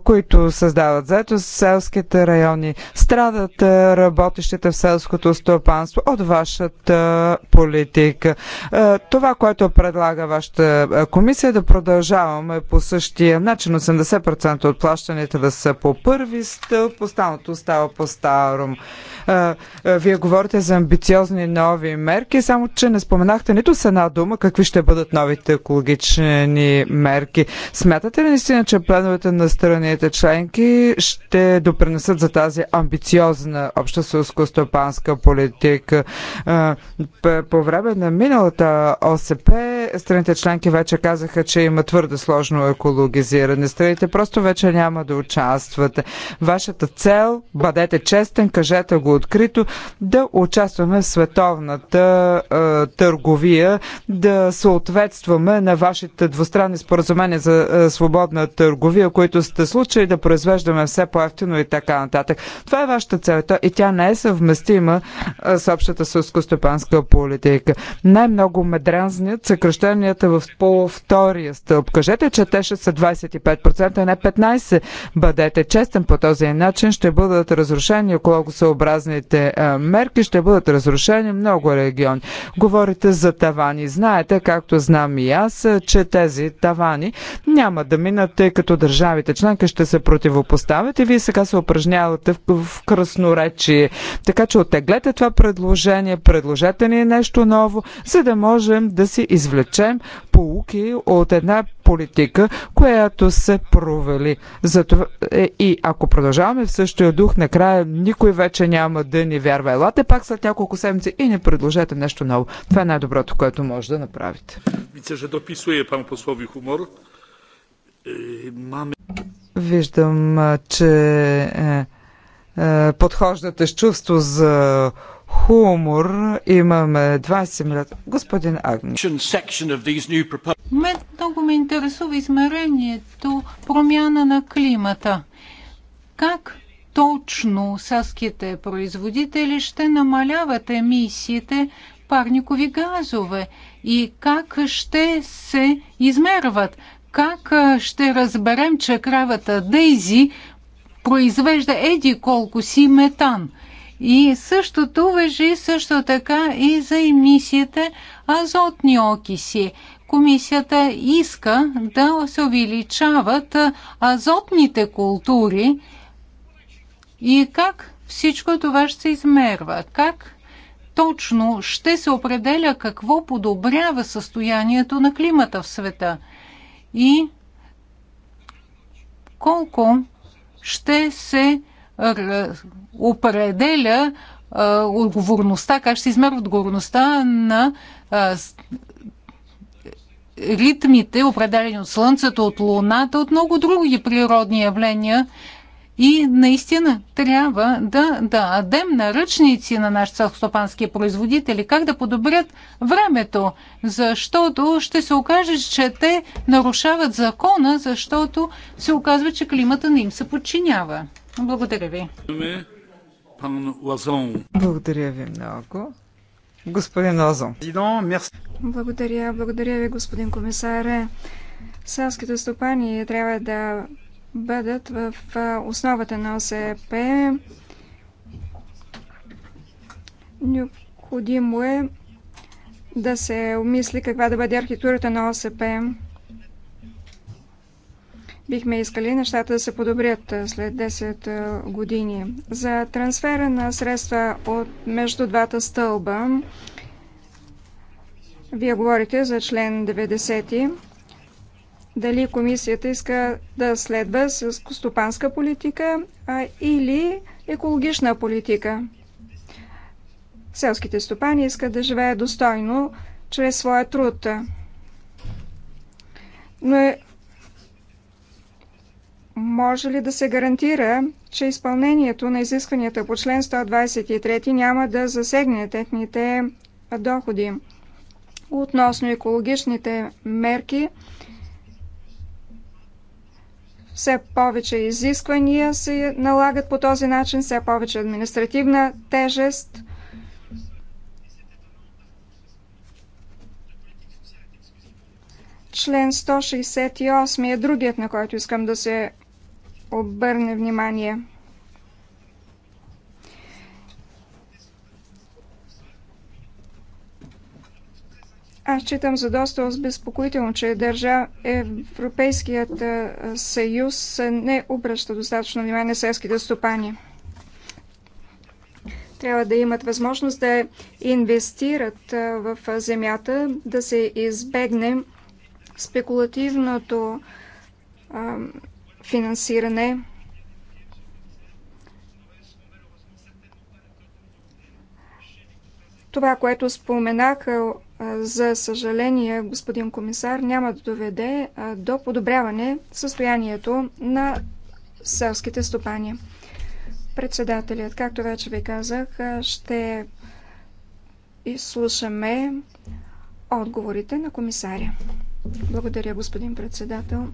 които създават заето в селските райони. Страдат работещите в селското стопанство от вашата политика. Това, което предлага вашата комисия, е да продължаваме по същия начин. 80% от плащанията да са по първи стълб, останалото става по-старом. Вие говорите за амбициозни нови мерки, само че не споменахте нито с една дума какви ще бъдат новите екологични мерки. Смятате ли наистина, че плановете на страните членки ще допринесат за тази амбициозна обща селско-стопанска политика? По време на миналата ОСП страните членки вече казаха, че има твърде сложно екологизиране. Страните просто вече че няма да участвате. Вашата цел, бъдете честен, кажете го открито, да участваме в световната е, търговия, да съответстваме на вашите двустранни споразумения за е, свободна търговия, които сте случили, да произвеждаме все по-ефтино и така нататък. Това е вашата цел и тя не е съвместима е, с общата сълскостопанска политика. Най-много ме дразнят съкръщенията в полувтория стълб. Кажете, че те ще са 25%, а не 15%. 19. Бъдете честен по този начин, ще бъдат разрушени екологосъобразните мерки, ще бъдат разрушени много региони. Говорите за тавани. Знаете, както знам и аз, че тези тавани няма да минат, тъй като държавите членки ще се противопоставят и вие сега се упражнявате в, красноречие. Така че оттеглете това предложение, предложете ни нещо ново, за да можем да си извлечем полуки от една политика, която се провали. Затова, е, и ако продължаваме в същия дух, накрая никой вече няма да ни вярва. Елате пак след няколко седмици и не предложете нещо ново. Това е най-доброто, което може да направите. Widzę, że dopisuje pan Виждам, че е, е, подхождате с чувство за хумор. Имаме два минути. Господин Агни. Мен много ме интересува измерението промяна на климата. Как точно саските производители ще намаляват емисиите парникови газове и как ще се измерват? Как ще разберем, че кравата Дейзи произвежда еди колко си метан – и същото въжи също така и за емисията азотни окиси. Комисията иска да се увеличават азотните култури и как всичко това ще се измерва, как точно ще се определя какво подобрява състоянието на климата в света и колко ще се определя а, отговорността, как ще се измерва отговорността на а, ритмите, определени от Слънцето, от Луната, от много други природни явления. И наистина трябва да дадем наръчници на нашите селскостопански производители как да подобрят времето, защото ще се окаже, че те нарушават закона, защото се оказва, че климата не им се подчинява. Благодаря ви пан Лазон. Благодаря ви много. Господин Лазон. Благодаря, благодаря ви, господин комисаре. Селските стопани трябва да бъдат в основата на ОСП. Необходимо е да се умисли каква да бъде архитектурата на ОСП. Бихме искали нещата да се подобрят след 10 години. За трансфера на средства от между двата стълба, вие говорите за член 90 дали комисията иска да следва с стопанска политика а, или екологична политика. Селските стопани искат да живеят достойно чрез своя труд. Но е, може ли да се гарантира, че изпълнението на изискванията по член 123 няма да засегне техните доходи? Относно екологичните мерки, все повече изисквания се налагат по този начин, все повече административна тежест. Член 168 е другият, на който искам да се обърне внимание. Аз читам за доста обезпокоително, че държа Европейският съюз не обръща достатъчно внимание селските стопани. Трябва да имат възможност да инвестират в земята, да се избегне спекулативното а, финансиране. Това, което споменах, за съжаление, господин комисар, няма да доведе до подобряване състоянието на селските стопани. Председателят, както вече ви казах, ще изслушаме отговорите на комисаря. Благодаря, господин председател.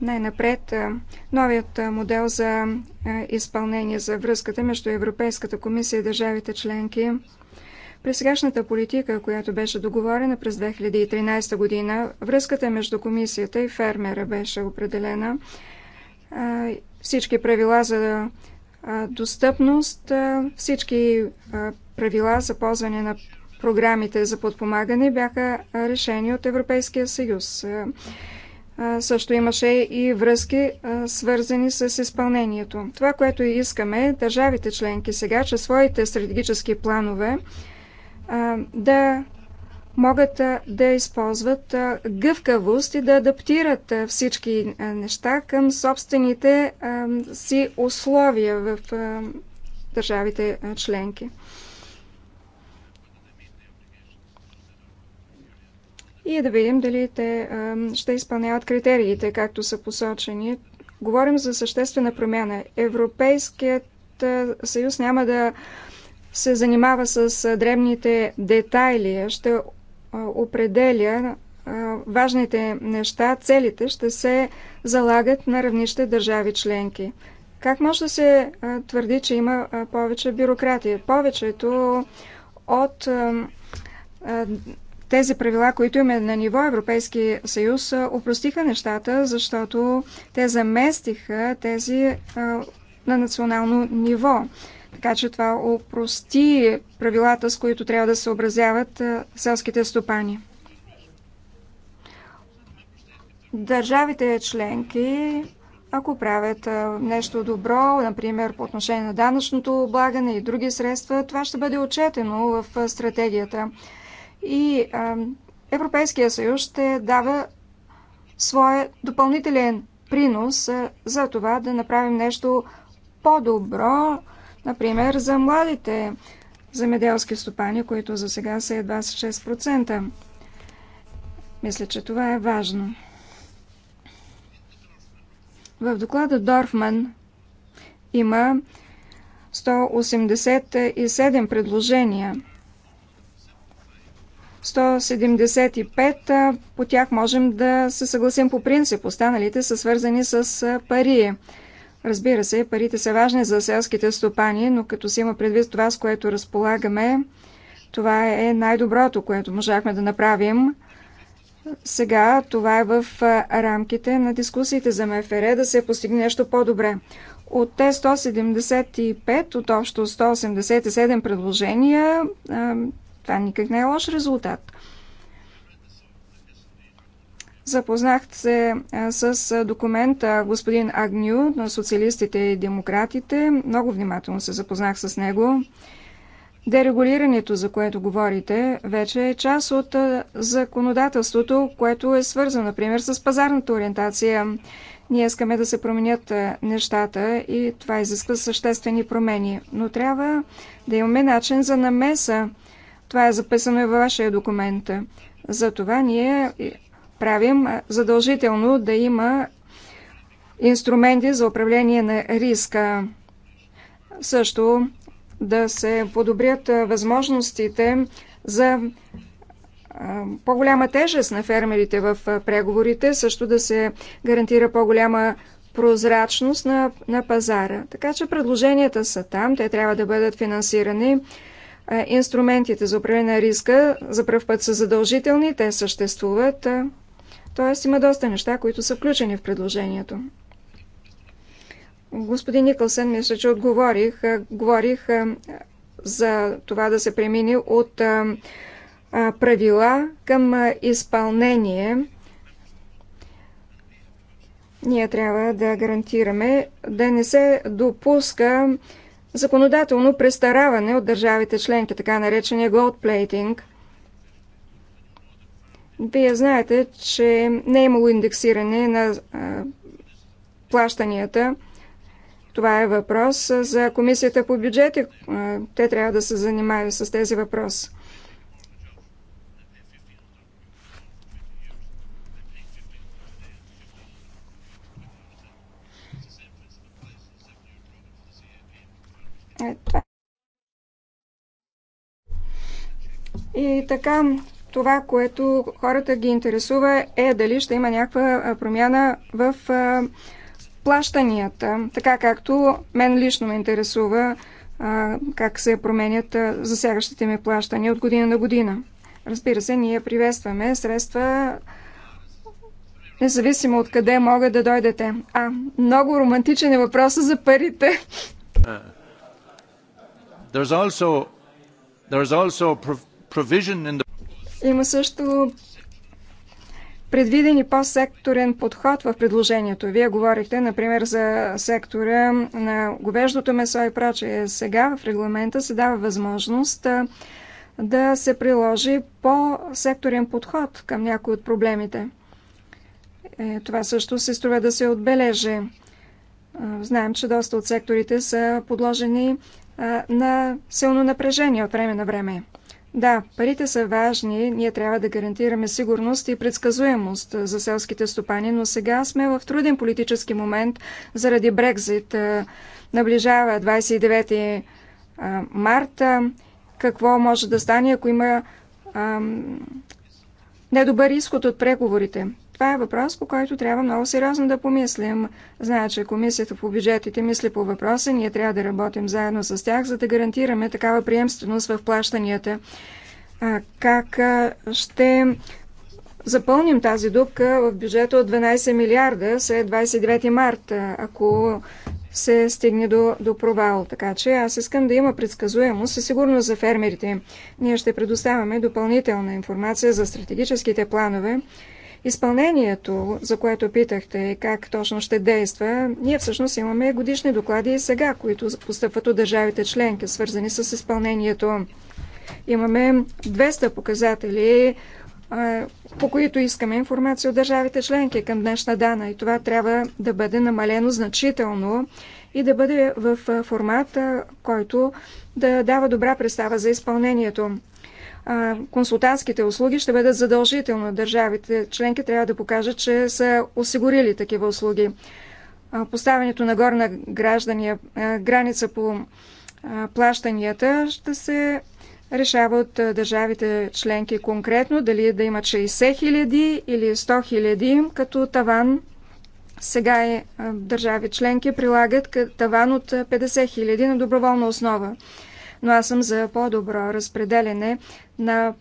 Най-напред, новият модел за изпълнение за връзката между Европейската комисия и държавите членки. При сегашната политика, която беше договорена през 2013 година, връзката между комисията и фермера беше определена. Всички правила за достъпност, всички правила за ползване на програмите за подпомагане бяха решени от Европейския съюз. Също имаше и връзки, свързани с изпълнението. Това, което искаме държавите членки сега, че своите стратегически планове да могат да използват гъвкавост и да адаптират всички неща към собствените си условия в държавите членки. и да видим дали те ще изпълняват критериите, както са посочени. Говорим за съществена промяна. Европейският съюз няма да се занимава с дребните детайли, ще определя важните неща, целите ще се залагат на равнище държави членки. Как може да се твърди, че има повече бюрократия? Повечето от тези правила, които имаме на ниво Европейски съюз, упростиха нещата, защото те заместиха тези на национално ниво. Така че това опрости правилата, с които трябва да се образяват селските стопани. Държавите членки, ако правят нещо добро, например по отношение на данъчното облагане и други средства, това ще бъде отчетено в стратегията и Европейския съюз ще дава своя допълнителен принос за това да направим нещо по-добро, например, за младите земеделски стопани, които за сега са едва 6%. Мисля, че това е важно. В доклада Дорфман има 187 предложения – 175, по тях можем да се съгласим по принцип. Останалите са свързани с пари. Разбира се, парите са важни за селските стопани, но като си има предвид това, с което разполагаме, това е най-доброто, което можахме да направим. Сега това е в рамките на дискусиите за МФР да се постигне нещо по-добре. От те 175, от общо 187 предложения, това никак не е лош резултат. Запознахте се с документа господин Агню на социалистите и демократите. Много внимателно се запознах с него. Дерегулирането, за което говорите, вече е част от законодателството, което е свързано, например, с пазарната ориентация. Ние искаме да се променят нещата и това изисква съществени промени. Но трябва да имаме начин за намеса това е записано и във вашия документ. Затова ние правим задължително да има инструменти за управление на риска. Също да се подобрят възможностите за по-голяма тежест на фермерите в преговорите, също да се гарантира по-голяма прозрачност на, на пазара. Така че предложенията са там, те трябва да бъдат финансирани. Е, инструментите за управление на риска за пръв път са задължителни, те съществуват. Е, тоест има доста неща, които са включени в предложението. Господин Никълсън, мисля, че отговорих. Е, говорих за това да се премини от правила към изпълнение. Ние трябва да гарантираме да не се допуска законодателно престараване от държавите членки, така наречения голдплейтинг. Вие знаете, че не е имало индексиране на а, плащанията. Това е въпрос за Комисията по бюджети. Те трябва да се занимават с тези въпроси. Това. И така, това, което хората ги интересува е дали ще има някаква промяна в плащанията, така както мен лично ме интересува как се променят засягащите ми плащания от година на година. Разбира се, ние приветстваме средства, независимо от къде могат да дойдете. А, много романтичен е въпросът за парите. There's also, there's also provision in the... Има също предвиден и по-секторен подход в предложението. Вие говорихте, например, за сектора на говеждото месо и прочее. Сега в регламента се дава възможност да се приложи по-секторен подход към някои от проблемите. Е, това също се струва да се отбележи. Знаем, че доста от секторите са подложени на силно напрежение от време на време. Да, парите са важни, ние трябва да гарантираме сигурност и предсказуемост за селските стопани, но сега сме в труден политически момент заради Брекзит. Наближава 29 марта. Какво може да стане, ако има ам, недобър изход от преговорите? Това е въпрос, по който трябва много сериозно да помислим. Зная, че комисията по бюджетите мисли по въпроса, ние трябва да работим заедно с тях, за да гарантираме такава приемственост в плащанията. Как ще запълним тази дупка в бюджета от 12 милиарда след 29 марта, ако се стигне до, до провал. Така че аз искам да има предсказуемост и сигурност за фермерите. Ние ще предоставяме допълнителна информация за стратегическите планове Изпълнението, за което питахте как точно ще действа, ние всъщност имаме годишни доклади и сега, които постъпват от държавите членки, свързани с изпълнението. Имаме 200 показатели, по които искаме информация от държавите членки към днешна дана и това трябва да бъде намалено значително и да бъде в формат, който да дава добра представа за изпълнението консултантските услуги ще бъдат задължителни. Държавите членки трябва да покажат, че са осигурили такива услуги. Поставянето на горна граждания, граница по плащанията ще се решава от държавите членки конкретно, дали да имат 60 хиляди или 100 хиляди като таван. Сега и държави членки прилагат таван от 50 хиляди на доброволна основа но аз съм за по-добро разпределене на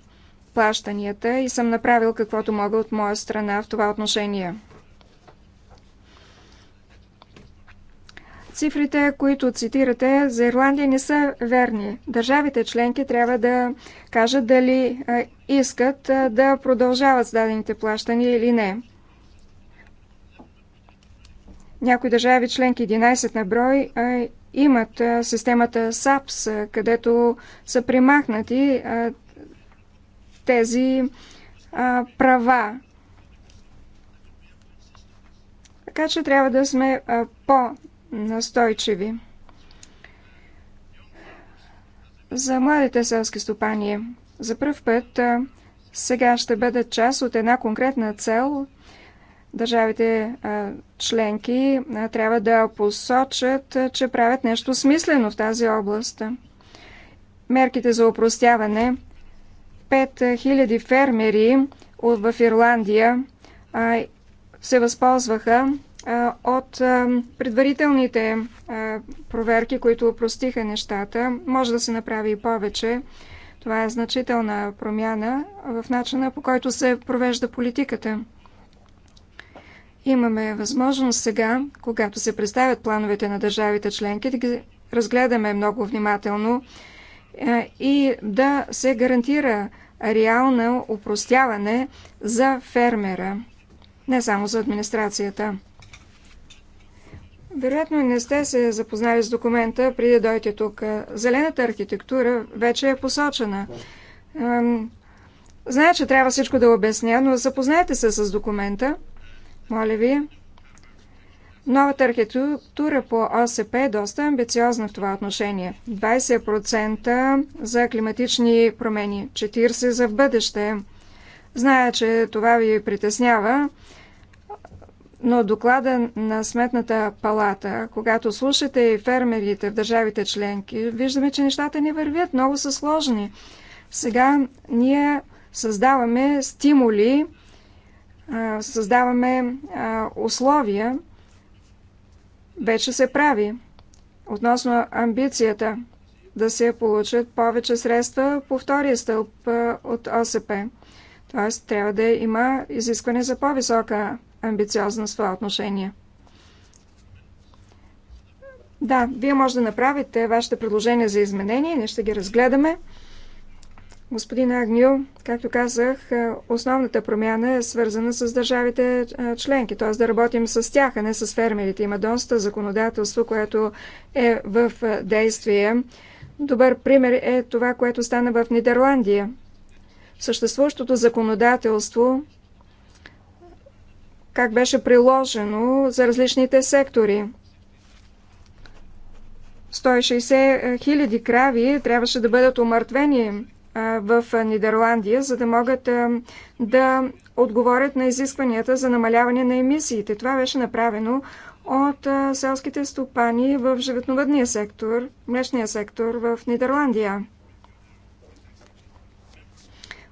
плащанията и съм направил каквото мога от моя страна в това отношение. Цифрите, които цитирате за Ирландия, не са верни. Държавите членки трябва да кажат дали искат да продължават с дадените плащания или не. Някои държави членки 11 на брой имат системата САПС, където са примахнати тези права. Така че трябва да сме по-настойчиви. За младите селски стопани за първ път сега ще бъдат част от една конкретна цел държавите членки трябва да посочат, че правят нещо смислено в тази област. Мерките за упростяване 5000 фермери в Ирландия се възползваха от предварителните проверки, които упростиха нещата. Може да се направи и повече. Това е значителна промяна в начина по който се провежда политиката. Имаме възможност сега, когато се представят плановете на държавите членки, да ги разгледаме много внимателно е, и да се гарантира реално упростяване за фермера, не само за администрацията. Вероятно не сте се запознали с документа преди да дойте тук. Зелената архитектура вече е посочена. Зная, че трябва всичко да обясня, но запознайте се с документа. Моля ви. Новата архитектура по ОСП е доста амбициозна в това отношение. 20% за климатични промени, 40% за в бъдеще. Зная, че това ви притеснява, но доклада на Сметната палата, когато слушате и фермерите в държавите членки, виждаме, че нещата не вървят, много са сложни. Сега ние създаваме стимули създаваме условия, вече се прави. Относно амбицията да се получат повече средства по втория стълб от ОСП. Т.е. трябва да има изискване за по-висока амбициозност в това отношение. Да, вие може да направите вашите предложения за изменения, ние ще ги разгледаме. Господин Агнил, както казах, е, основната промяна е свързана с държавите е, членки, т.е. да работим с тях, а не с фермерите. Има доста законодателство, което е в е, действие. Добър пример е това, което стана в Нидерландия. Съществуващото законодателство как беше приложено за различните сектори. 160 хиляди крави трябваше да бъдат умъртвени в Нидерландия, за да могат да отговорят на изискванията за намаляване на емисиите. Това беше направено от селските стопани в животновъдния сектор, млечния сектор в Нидерландия.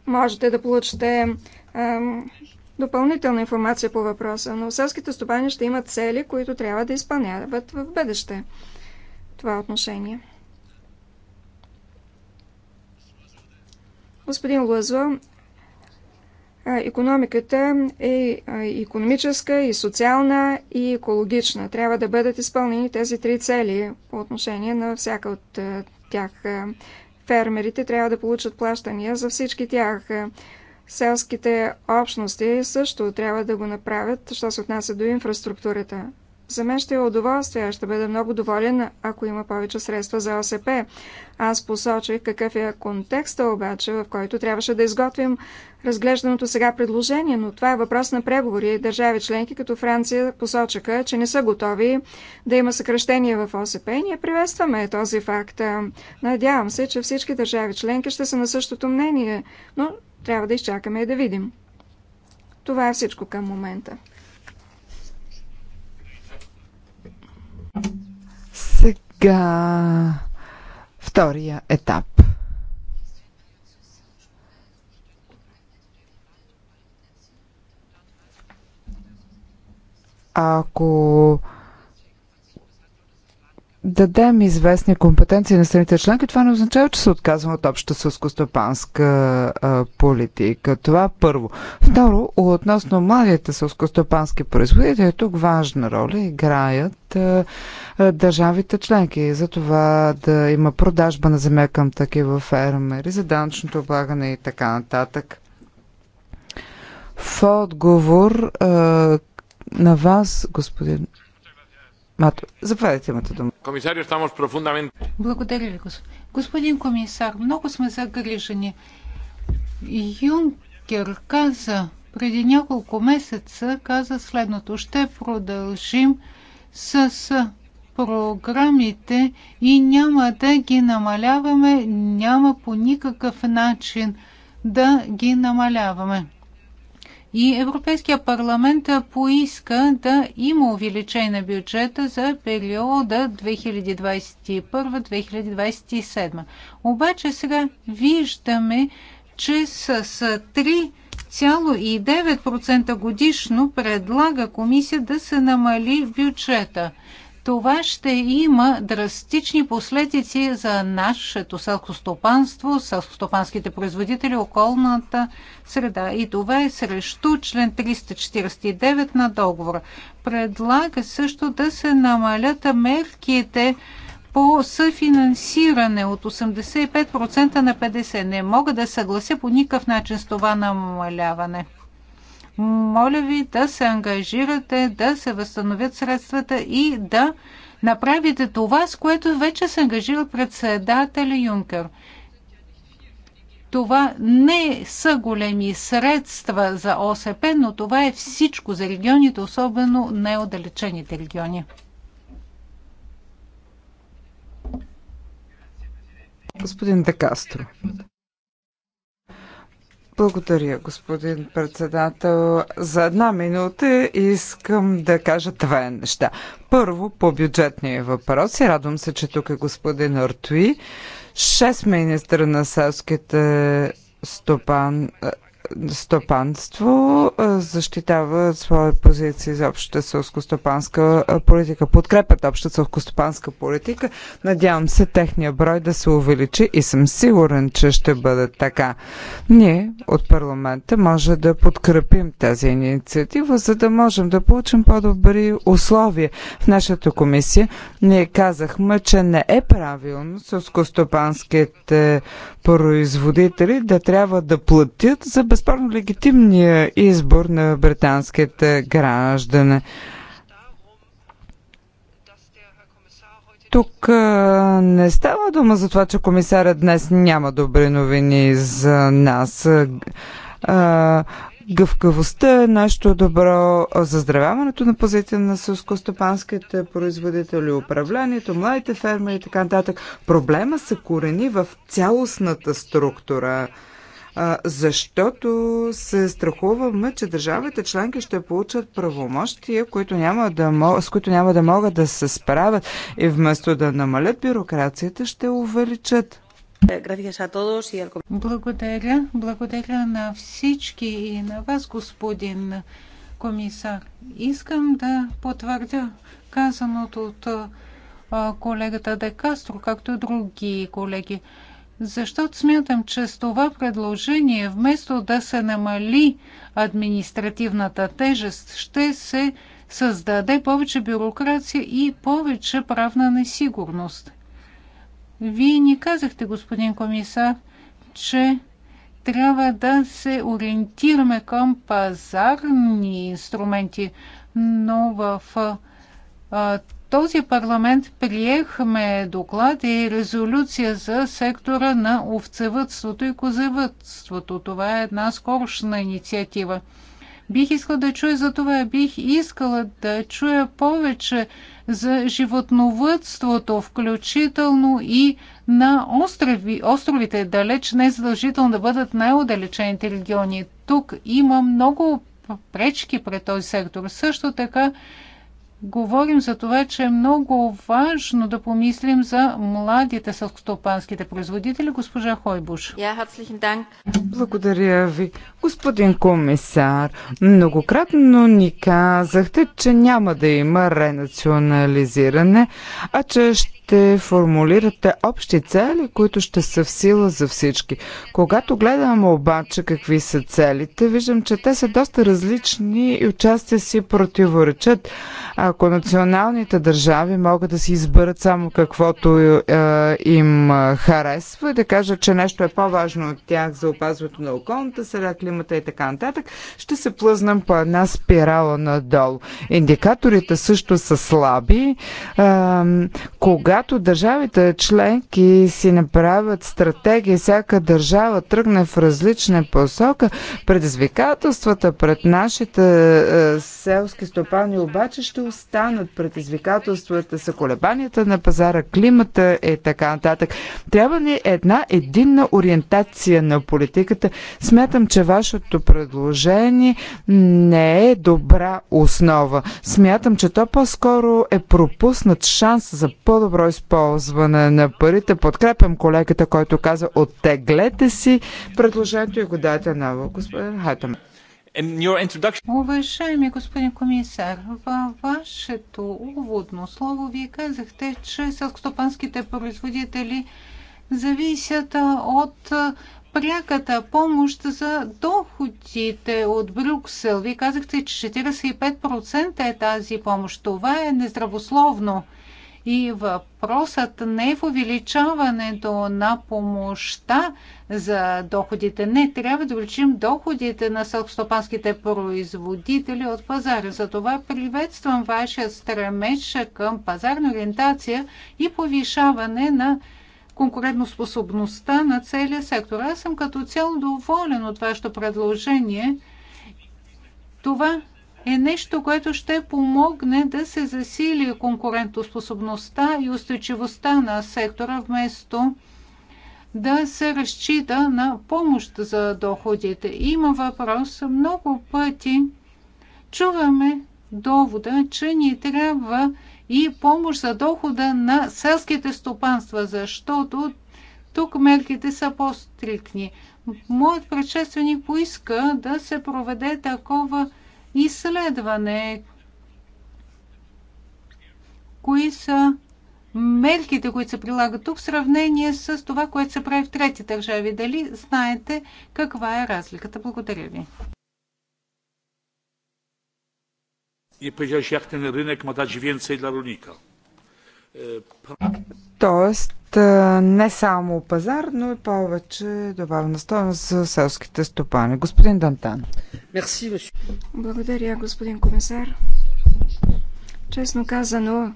Можете да получите допълнителна информация по въпроса, но селските стопани ще имат цели, които трябва да изпълняват в бъдеще. Това отношение. Господин Лазо, економиката е економическа и социална и екологична. Трябва да бъдат изпълнени тези три цели по отношение на всяка от тях. Фермерите трябва да получат плащания за всички тях. Селските общности също трябва да го направят, що се отнася до инфраструктурата. За мен ще е удоволствие, ще бъда много доволен, ако има повече средства за ОСП. Аз посочих какъв е контекста обаче, в който трябваше да изготвим разглежданото сега предложение, но това е въпрос на преговори. Държави членки като Франция посочаха, че не са готови да има съкръщение в ОСП. Ние приветстваме този факт. Надявам се, че всички държави членки ще са на същото мнение, но трябва да изчакаме и да видим. Това е всичко към момента. Сега втория етап. Ако дадем известни компетенции на страните членки, това не означава, че се отказваме от общата сълскостопанска политика. Това първо. Второ, относно младите сълскостопански производители, тук важна роля играят държавите членки за това да има продажба на земя към такива фермери, за данъчното облагане и така нататък. В отговор на вас, господин Мато, заповядайте, имате дума. Комисарио, стамос профундамент. Благодаря ви, господин. Господин комисар, много сме загрижени. Юнкер каза преди няколко месеца, каза следното. Ще продължим с програмите и няма да ги намаляваме, няма по никакъв начин да ги намаляваме. И Европейския парламент поиска да има увеличение на бюджета за периода 2021-2027. Обаче сега виждаме, че с 3,9% годишно предлага комисия да се намали бюджета – това ще има драстични последици за нашето селскостопанство, селскостопанските производители, околната среда. И това е срещу член 349 на договора. Предлага също да се намалят мерките по съфинансиране от 85% на 50%. Не мога да съглася по никакъв начин с това намаляване моля ви да се ангажирате, да се възстановят средствата и да направите това, с което вече се ангажира председателя Юнкер. Това не са големи средства за ОСП, но това е всичко за регионите, особено неодалечените региони. Господин Декастро. Благодаря, господин председател. За една минута искам да кажа две неща. Първо, по бюджетния въпрос и радвам се, че тук е господин Артуи. Шест министра на селските стопан, стопанство защитава своя позиция за общата селско-стопанска политика. Подкрепят общата селско-стопанска политика. Надявам се техния брой да се увеличи и съм сигурен, че ще бъде така. Ние от парламента може да подкрепим тази инициатива, за да можем да получим по-добри условия. В нашата комисия ние казахме, че не е правилно селско-стопанските производители да трябва да платят за безплатно безспорно легитимния избор на британските граждане. Тук не става дума за това, че комисарят днес няма добри новини за нас. Гъвкавостта е нещо добро за здравяването на позиция на сълскостопанските производители, управлението, младите фермери и така нататък. Проблема се корени в цялостната структура защото се страхуваме, че държавите членки ще получат правомощия, които няма да мог, с които няма да могат да се справят и вместо да намалят бюрокрацията, ще увеличат. Благодаря. Благодаря на всички и на вас, господин комисар. Искам да потвърдя казаното от колегата Декастро, както и други колеги защото смятам, че с това предложение, вместо да се намали административната тежест, ще се създаде повече бюрокрация и повече правна несигурност. Вие ни казахте, господин комисар, че трябва да се ориентираме към пазарни инструменти, но в този парламент приехме доклад и резолюция за сектора на овцевътството и козевътството. Това е една скорошна инициатива. Бих искала да чуя за това, бих искала да чуя повече за животновътството, включително и на острови, островите, далеч не е задължително да бъдат най-удалечените региони. Тук има много пречки пред този сектор. Също така говорим за това, че е много важно да помислим за младите сълкостопанските производители. Госпожа Хойбуш. Благодаря ви. Господин комисар, многократно ни казахте, че няма да има ренационализиране, а че ще ще формулирате общи цели, които ще са в сила за всички. Когато гледам обаче какви са целите, виждам, че те са доста различни и участия си противоречат. Ако националните държави могат да си изберат само каквото е, им харесва и да кажат, че нещо е по-важно от тях за опазването на околната среда, климата и така нататък, ще се плъзнам по една спирала надолу. Индикаторите също са слаби. Кога когато държавите членки си направят стратегия, всяка държава тръгне в различна посока, предизвикателствата пред нашите е, селски стопани обаче ще останат. Предизвикателствата са колебанията на пазара, климата и така нататък. Трябва ни една единна ориентация на политиката. Смятам, че вашето предложение не е добра основа. Смятам, че то по-скоро е пропуснат шанс за по-добро добро използване на парите. Подкрепям колегата, който каза оттеглете си предложението и го дайте на господин Хатам. Уважаеми господин комисар, във вашето уводно слово вие казахте, че селскостопанските производители зависят от пряката помощ за доходите от Брюксел. Вие казахте, че 45% е тази помощ. Това е нездравословно. И въпросът не е в увеличаването на помощта за доходите. Не, трябва да увеличим доходите на селскостопанските производители от пазара. За това приветствам вашия стремеж към пазарна ориентация и повишаване на конкурентоспособността на целия сектор. Аз съм като цяло доволен от вашето предложение. Това е нещо, което ще помогне да се засили конкурентоспособността и устойчивостта на сектора, вместо да се разчита на помощ за доходите. Има въпрос. Много пъти чуваме довода, че ни трябва и помощ за дохода на селските стопанства, защото тук мерките са по-стрикни. Моят предшественик поиска да се проведе такова изследване, кои са мерките, които се прилагат тук в сравнение с това, което се прави в трети държави. Дали знаете каква е разликата? Благодаря ви. И powiedziałeś, jak ten мадач, ma и для dla Тоест, не само пазар, но и повече добавена стоеност за селските стопани. Господин Дантан. Благодаря, господин комисар. Честно казано,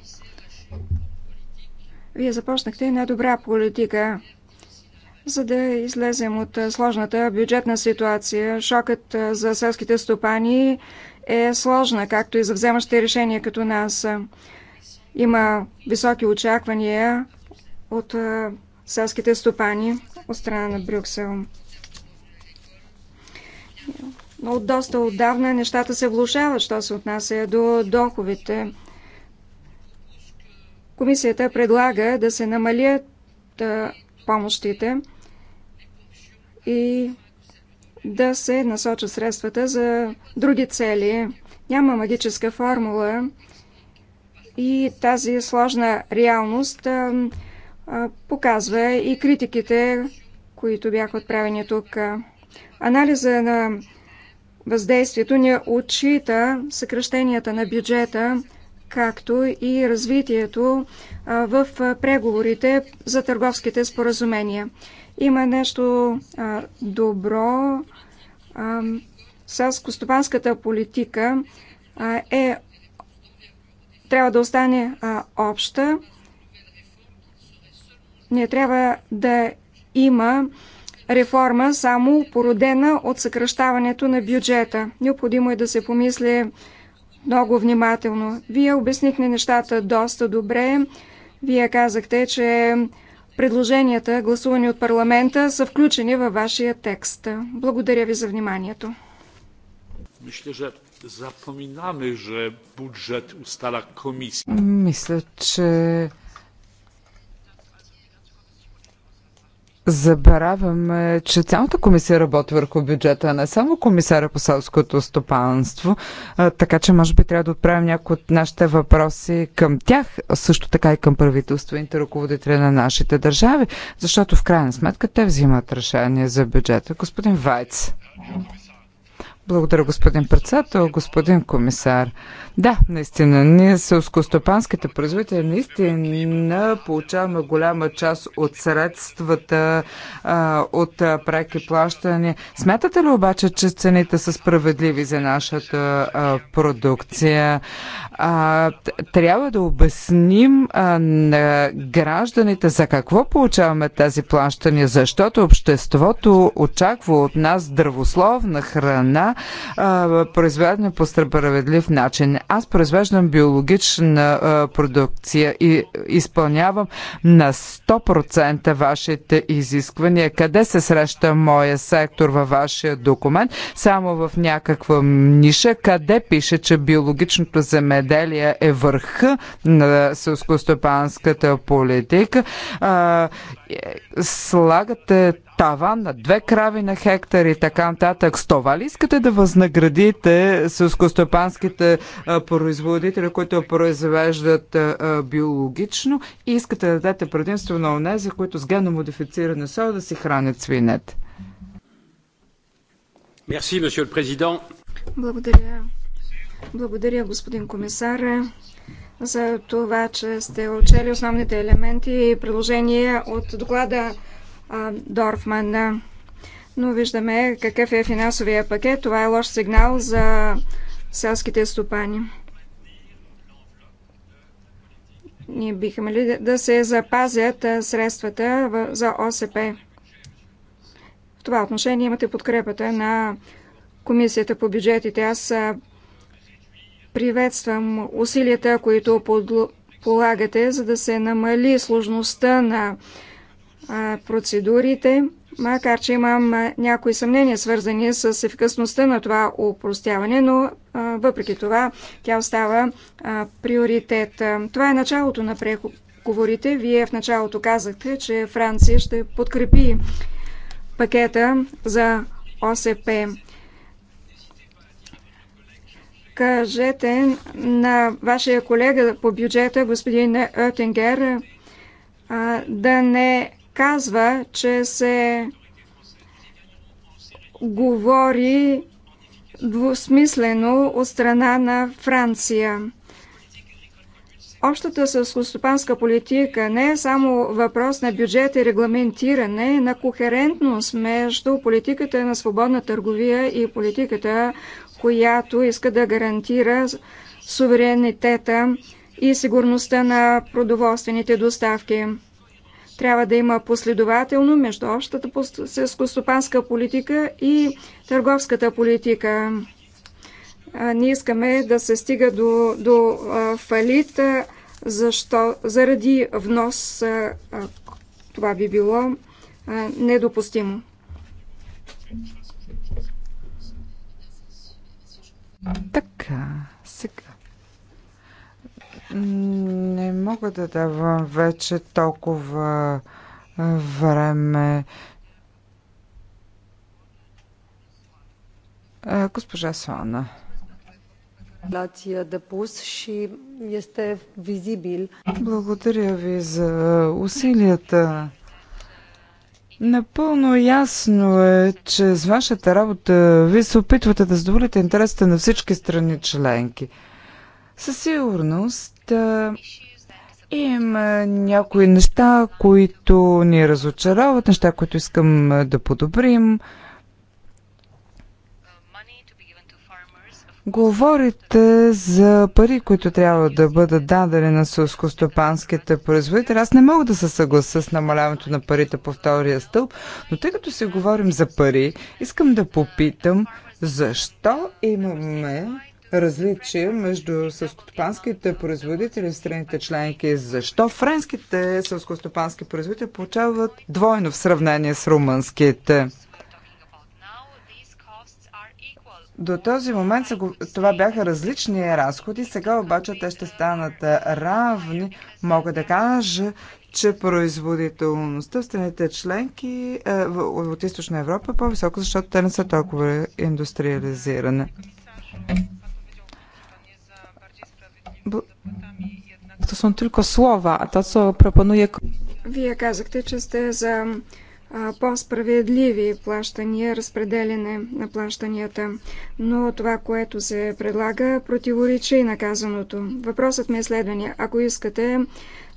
вие започнахте една добра политика, за да излезем от сложната бюджетна ситуация. Шокът за селските стопани е сложна, както и за вземащите решения като нас. Има високи очаквания от селските стопани от страна на Брюксел. Но от доста отдавна нещата се влушават, що се отнася до доходите. Комисията предлага да се намалят помощите и да се насочат средствата за други цели. Няма магическа формула и тази сложна реалност показва и критиките, които бяха отправени тук. Анализа на въздействието не отчита съкръщенията на бюджета, както и развитието в преговорите за търговските споразумения. Има нещо добро. Селско-стопанската политика е трябва да остане а, обща. Не трябва да има реформа само породена от съкръщаването на бюджета. Необходимо е да се помисли много внимателно. Вие обяснихте нещата доста добре. Вие казахте, че предложенията, гласувани от парламента, са включени във вашия текст. Благодаря ви за вниманието. Мисля, мисля, че забравяме, че цялата комисия работи върху бюджета, а не само комисаря по селското стопанство, така че може би трябва да отправим някои от нашите въпроси към тях, също така и към правителствените ръководители на нашите държави, защото в крайна сметка те взимат решение за бюджета. Господин Вайц. Благодаря, господин председател, господин комисар. Да, наистина, ние селскостопанските производители наистина получаваме голяма част от средствата а, от преки плащания. Смятате ли обаче, че цените са справедливи за нашата а, продукция? А, трябва да обясним а, на гражданите за какво получаваме тези плащания, защото обществото очаква от нас здравословна храна, а, произведена по справедлив начин. Аз произвеждам биологична а, продукция и изпълнявам на 100% вашите изисквания. Къде се среща моя сектор във вашия документ? Само в някаква ниша, къде пише, че биологичното земеделие е върха на селскостопанската политика. А, слагате таван на две крави на хектар и така нататък. С това ли искате да възнаградите селскостопанските производители, които произвеждат биологично и искате да дадете предимство на онези, които с генно са да си хранят свинете? Мерси, месье президент. Благодаря. Благодаря, господин комисар за това, че сте учели основните елементи и приложения от доклада Дорфман. Но виждаме какъв е финансовия пакет. Това е лош сигнал за селските стопани. Ние бихме ли да се запазят средствата за ОСП? В това отношение имате подкрепата на Комисията по бюджетите. Аз приветствам усилията, които полагате, за да се намали сложността на процедурите, макар че имам някои съмнения, свързани с ефикасността на това упростяване, но въпреки това тя остава приоритет. Това е началото на преговорите. Вие в началото казахте, че Франция ще подкрепи пакета за ОСП. Кажете на вашия колега по бюджета, господин Оттенгер, да не казва, че се говори двусмислено от страна на Франция. Общата селскостопанска политика не е само въпрос на бюджет и регламентиране, е на кохерентност между политиката на свободна търговия и политиката, която иска да гарантира суверенитета и сигурността на продоволствените доставки. Трябва да има последователно между общата селскостопанска политика и търговската политика. Ние искаме да се стига до, до фалит, защо, заради внос това би било недопустимо. Така, сега не мога да давам вече толкова време. Госпожа Слана. Благодаря ви за усилията. Напълно ясно е, че с вашата работа ви се опитвате да задоволите интересите на всички страни членки. Със сигурност има някои неща, които ни разочароват, неща, които искам да подобрим. Говорите за пари, които трябва да бъдат дадени на сълскостопанските производители. Аз не мога да се съглася с намаляването на парите по втория стълб, но тъй като си говорим за пари, искам да попитам защо имаме различие между сълскостопанските производители в страните членки. Защо френските селскостопански производители получават двойно в сравнение с румънските? До този момент това бяха различни разходи, сега обаче те ще станат равни. Мога да кажа, че производителността в страните членки е, от Източна Европа е по-висока, защото те не са толкова индустриализирани. To są tylko słowa, a to, co proponuje... Вие казахте, че сте за по-справедливи плащания, разпределене на плащанията. Но това, което се предлага, противоречи на казаното. Въпросът ми е следвания. Ако искате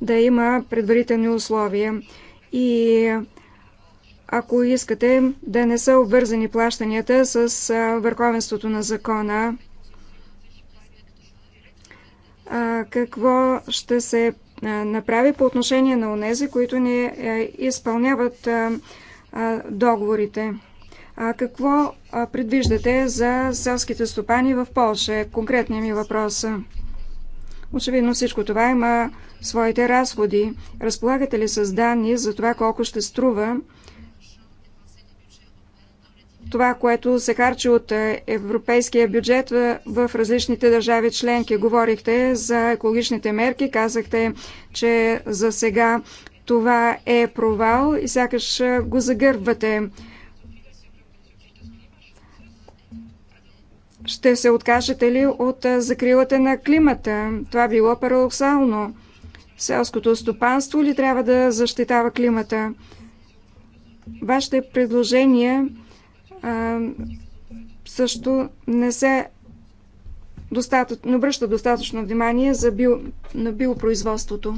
да има предварителни условия и ако искате да не са обвързани плащанията с върховенството на закона, какво ще се направи по отношение на онези, които не е, изпълняват договорите. Какво предвиждате за селските стопани в Польша? Е конкретният ми въпрос. Очевидно всичко това има своите разходи. Разполагате ли с данни за това колко ще струва това, което се харчи от е, европейския бюджет в различните държави членки. Говорихте за екологичните мерки, казахте, че за сега това е провал и сякаш е, го загърбвате. Ще се откажете ли от е, закрилата на климата? Това било парадоксално. Селското стопанство ли трябва да защитава климата? Вашите предложения също не се достатъчно, не обръща достатъчно внимание за био, на биопроизводството.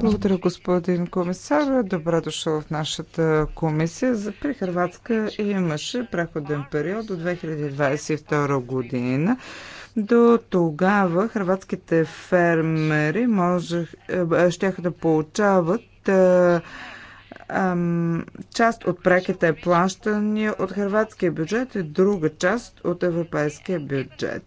Благодаря, господин комисар. Добре дошъл в нашата комисия. За при Хрватска имаше преходен период до 2022 година. До тогава хрватските фермери ще щяха да получават част от преките плащания от хрватския бюджет и друга част от европейския бюджет.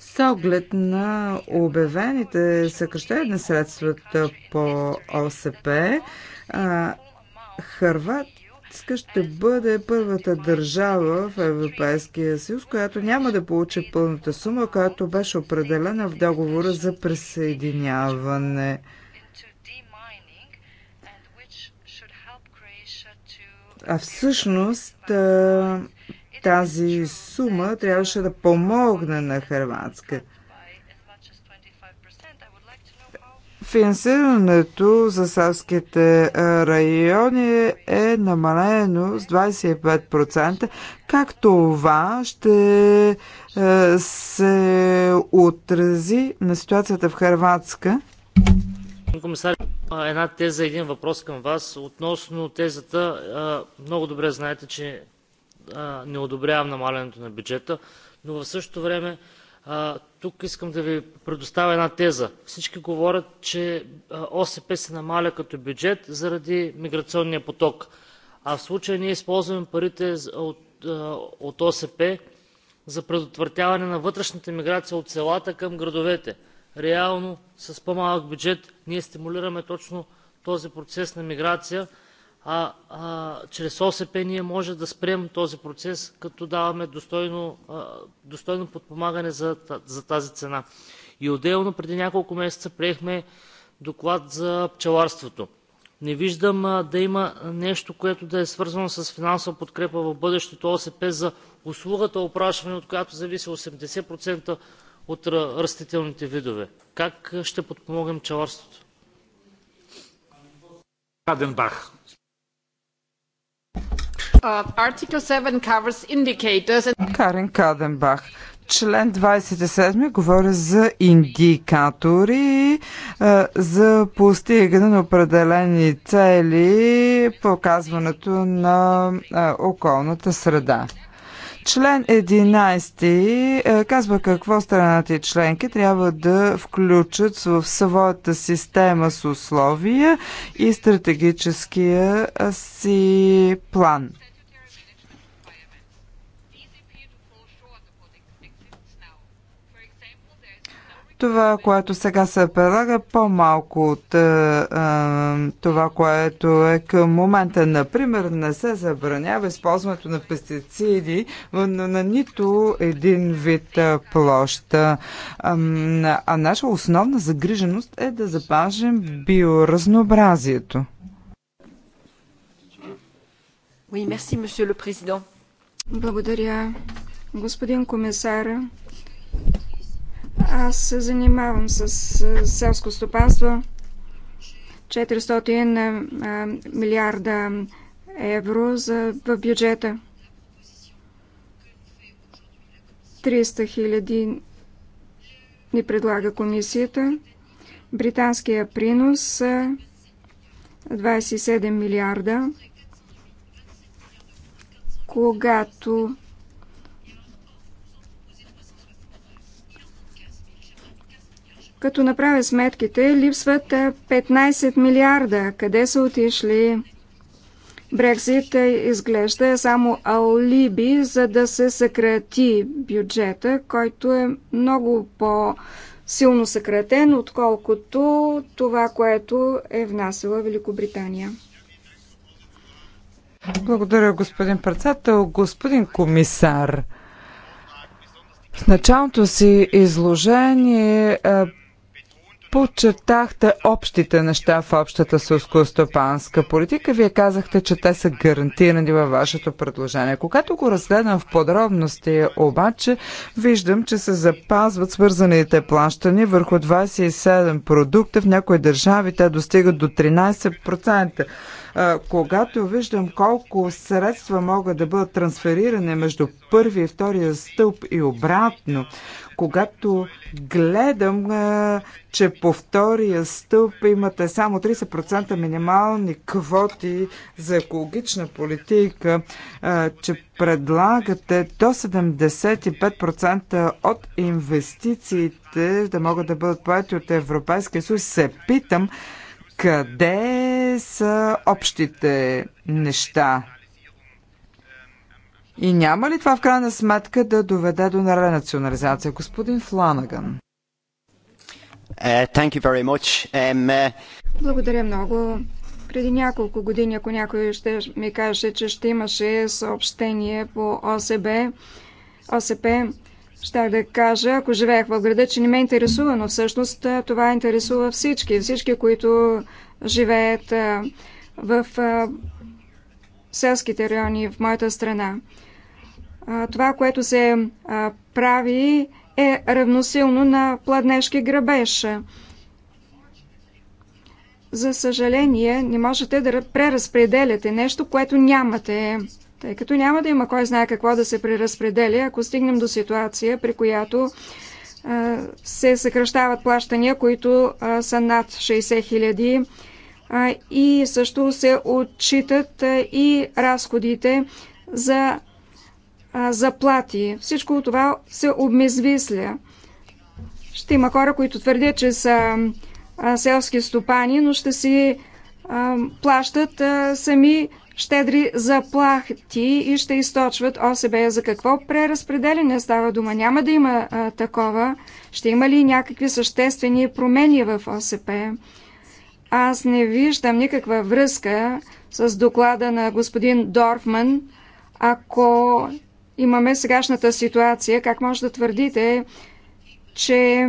С оглед на обявените съкръщения на средствата по ОСП, Хрватска ще бъде първата държава в Европейския съюз, която няма да получи пълната сума, която беше определена в договора за присъединяване. А всъщност тази сума трябваше да помогне на Харватска. Финансирането за савските райони е намалено с 25%. Как това ще се отрази на ситуацията в Харватска? Комисар, една теза, един въпрос към вас. Относно тезата, много добре знаете, че не одобрявам намалянето на бюджета, но в същото време тук искам да ви предоставя една теза. Всички говорят, че ОСП се намаля като бюджет заради миграционния поток. А в случая ние използваме парите от, от ОСП за предотвратяване на вътрешната миграция от селата към градовете – реално с по-малък бюджет ние стимулираме точно този процес на миграция, а, а чрез ОСП ние може да спрем този процес, като даваме достойно, а, достойно подпомагане за, за тази цена. И отделно преди няколко месеца приехме доклад за пчеларството. Не виждам а, да има нещо, което да е свързано с финансова подкрепа в бъдещето ОСП за услугата опрашване, от която зависи 80% от растителните видове. Как ще подпомогнем пчеларството? Uh, Карен Каденбах. Член 27 говори за индикатори е, за постигане на определени цели по на е, околната среда. Член 11 е, казва какво страната и членки трябва да включат в своята система с условия и стратегическия си план. Това, което сега се предлага, по-малко от а, е, е, това, което е към момента. Например, не се забранява използването на пестициди на, на нито един вид е, площа. А, а наша основна загриженост е да запазим биоразнообразието. Благодаря, господин комисар. Аз се занимавам с селско стопанство. 400 милиарда евро за, в бюджета. 300 хиляди ни предлага комисията. Британския принос 27 милиарда. Когато Като направя сметките, липсват 15 милиарда. Къде са отишли? Брекзит изглежда само алиби, за да се съкрати бюджета, който е много по-силно съкратен, отколкото това, което е внасила Великобритания. Благодаря, господин председател. Господин комисар, в началото си изложение подчертахте общите неща в общата съску-стопанска политика. Вие казахте, че те са гарантирани във вашето предложение. Когато го разгледам в подробности, обаче, виждам, че се запазват свързаните плащания върху 27 продукта. В някои държави те достигат до 13%. Когато виждам колко средства могат да бъдат трансферирани между първи и втория стълб и обратно, когато гледам, че по втория стълб имате само 30% минимални квоти за екологична политика, че предлагате до 75% от инвестициите да могат да бъдат поети от Европейския съюз, се питам къде са общите неща и няма ли това в крайна сметка да доведе до ренационализация? Господин Фланаган. Е, е, Благодаря много. Преди няколко години, ако някой ще ми каже, че ще имаше съобщение по ОСБ, ОСП, Щях да кажа, ако живеех в града, че не ме интересува, но всъщност е, това интересува всички. Всички, които живеят в селските райони в моята страна. Това, което се прави, е равносилно на пладнешки грабеж. За съжаление, не можете да преразпределяте нещо, което нямате. Тъй като няма да има кой знае какво да се преразпределя, ако стигнем до ситуация, при която се съкръщават плащания, които са над 60 хиляди и също се отчитат и разходите за заплати. Всичко това се обмезвисля. Ще има хора, които твърдят, че са селски стопани, но ще си плащат сами щедри заплахти и ще източват ОСБ. За какво преразпределение става дума? Няма да има а, такова. Ще има ли някакви съществени промени в ОСП? Аз не виждам никаква връзка с доклада на господин Дорфман. Ако имаме сегашната ситуация, как може да твърдите, че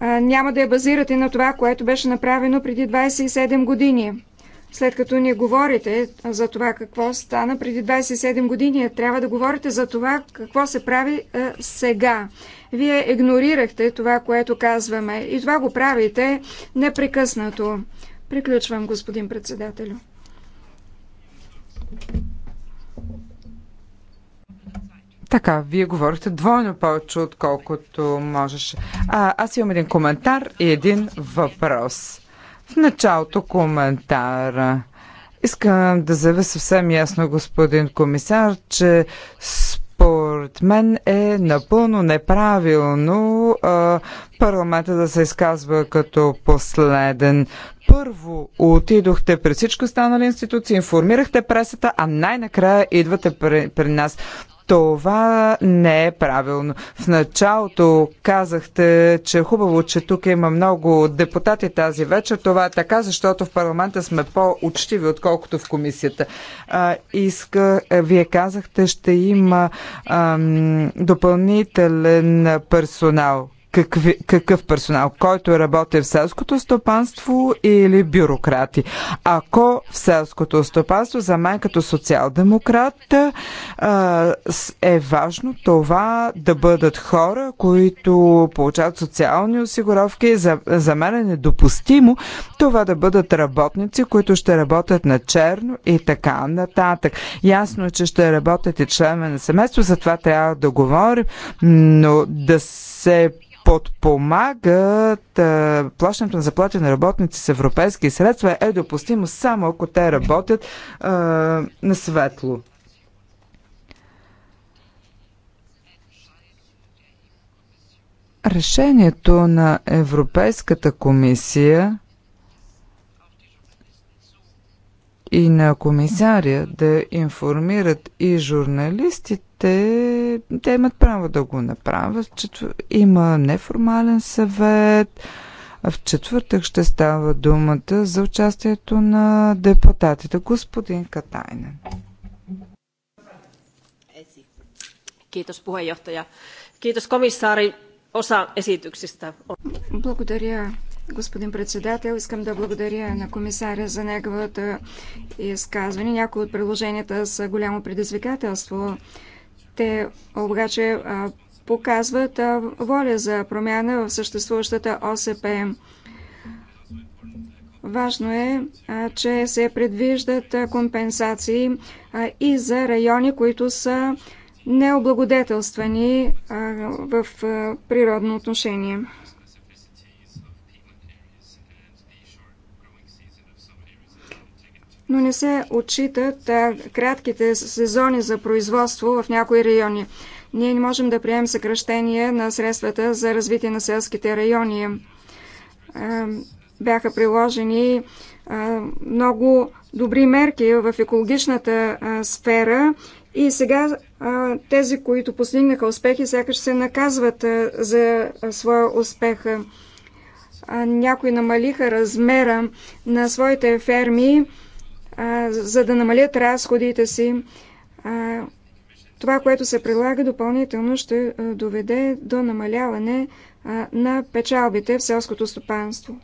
няма да я базирате на това, което беше направено преди 27 години? След като не говорите за това какво стана преди 27 години, трябва да говорите за това какво се прави сега. Вие игнорирахте това, което казваме и това го правите непрекъснато. Приключвам, господин председателю. Така, вие говорихте двойно повече, отколкото можеше. А, аз имам един коментар и един въпрос. В началото коментара. Искам да заявя съвсем ясно, господин комисар, че според мен е напълно неправилно а, парламента да се изказва като последен. Първо отидохте при всички останали институции, информирахте пресата, а най-накрая идвате при, при нас. Това не е правилно. В началото казахте, че хубаво, че тук има много депутати тази вечер. Това е така, защото в парламента сме по-учтиви, отколкото в комисията. А, иска, вие казахте, ще има ам, допълнителен персонал какви, какъв персонал, който е работи в селското стопанство или бюрократи. Ако в селското стопанство за мен като социал-демократ е важно това да бъдат хора, които получават социални осигуровки. За, за мен е недопустимо това да бъдат работници, които ще работят на черно и така нататък. Ясно е, че ще работят и членове на семейство, за това трябва да говорим, но да се подпомагат а, плащането на заплати на работници с европейски средства е допустимо само ако те работят а, на светло. Решението на Европейската комисия и на комисаря да информират и журналистите те, те имат право да го направят. Има неформален съвет. В четвъртък ще става думата за участието на депутатите. Господин Катайнен. Kiitos puheenjohtaja. Kiitos komissaari osa esityksistä. Благодаря, господин председател. Искам да благодаря на комисаря за неговото е, изказване. Някои от предложенията са голямо предизвикателство те обаче показват воля за промяна в съществуващата ОСП. Важно е, че се предвиждат компенсации и за райони, които са необлагодетелствани в природно отношение. но не се отчитат кратките сезони за производство в някои райони. Ние не можем да приемем съкръщение на средствата за развитие на селските райони. Бяха приложени много добри мерки в екологичната сфера и сега тези, които постигнаха успехи, сякаш се наказват за своя успех. Някои намалиха размера на своите ферми, за да намалят разходите си. Това, което се прилага допълнително, ще доведе до намаляване на печалбите в селското стопанство.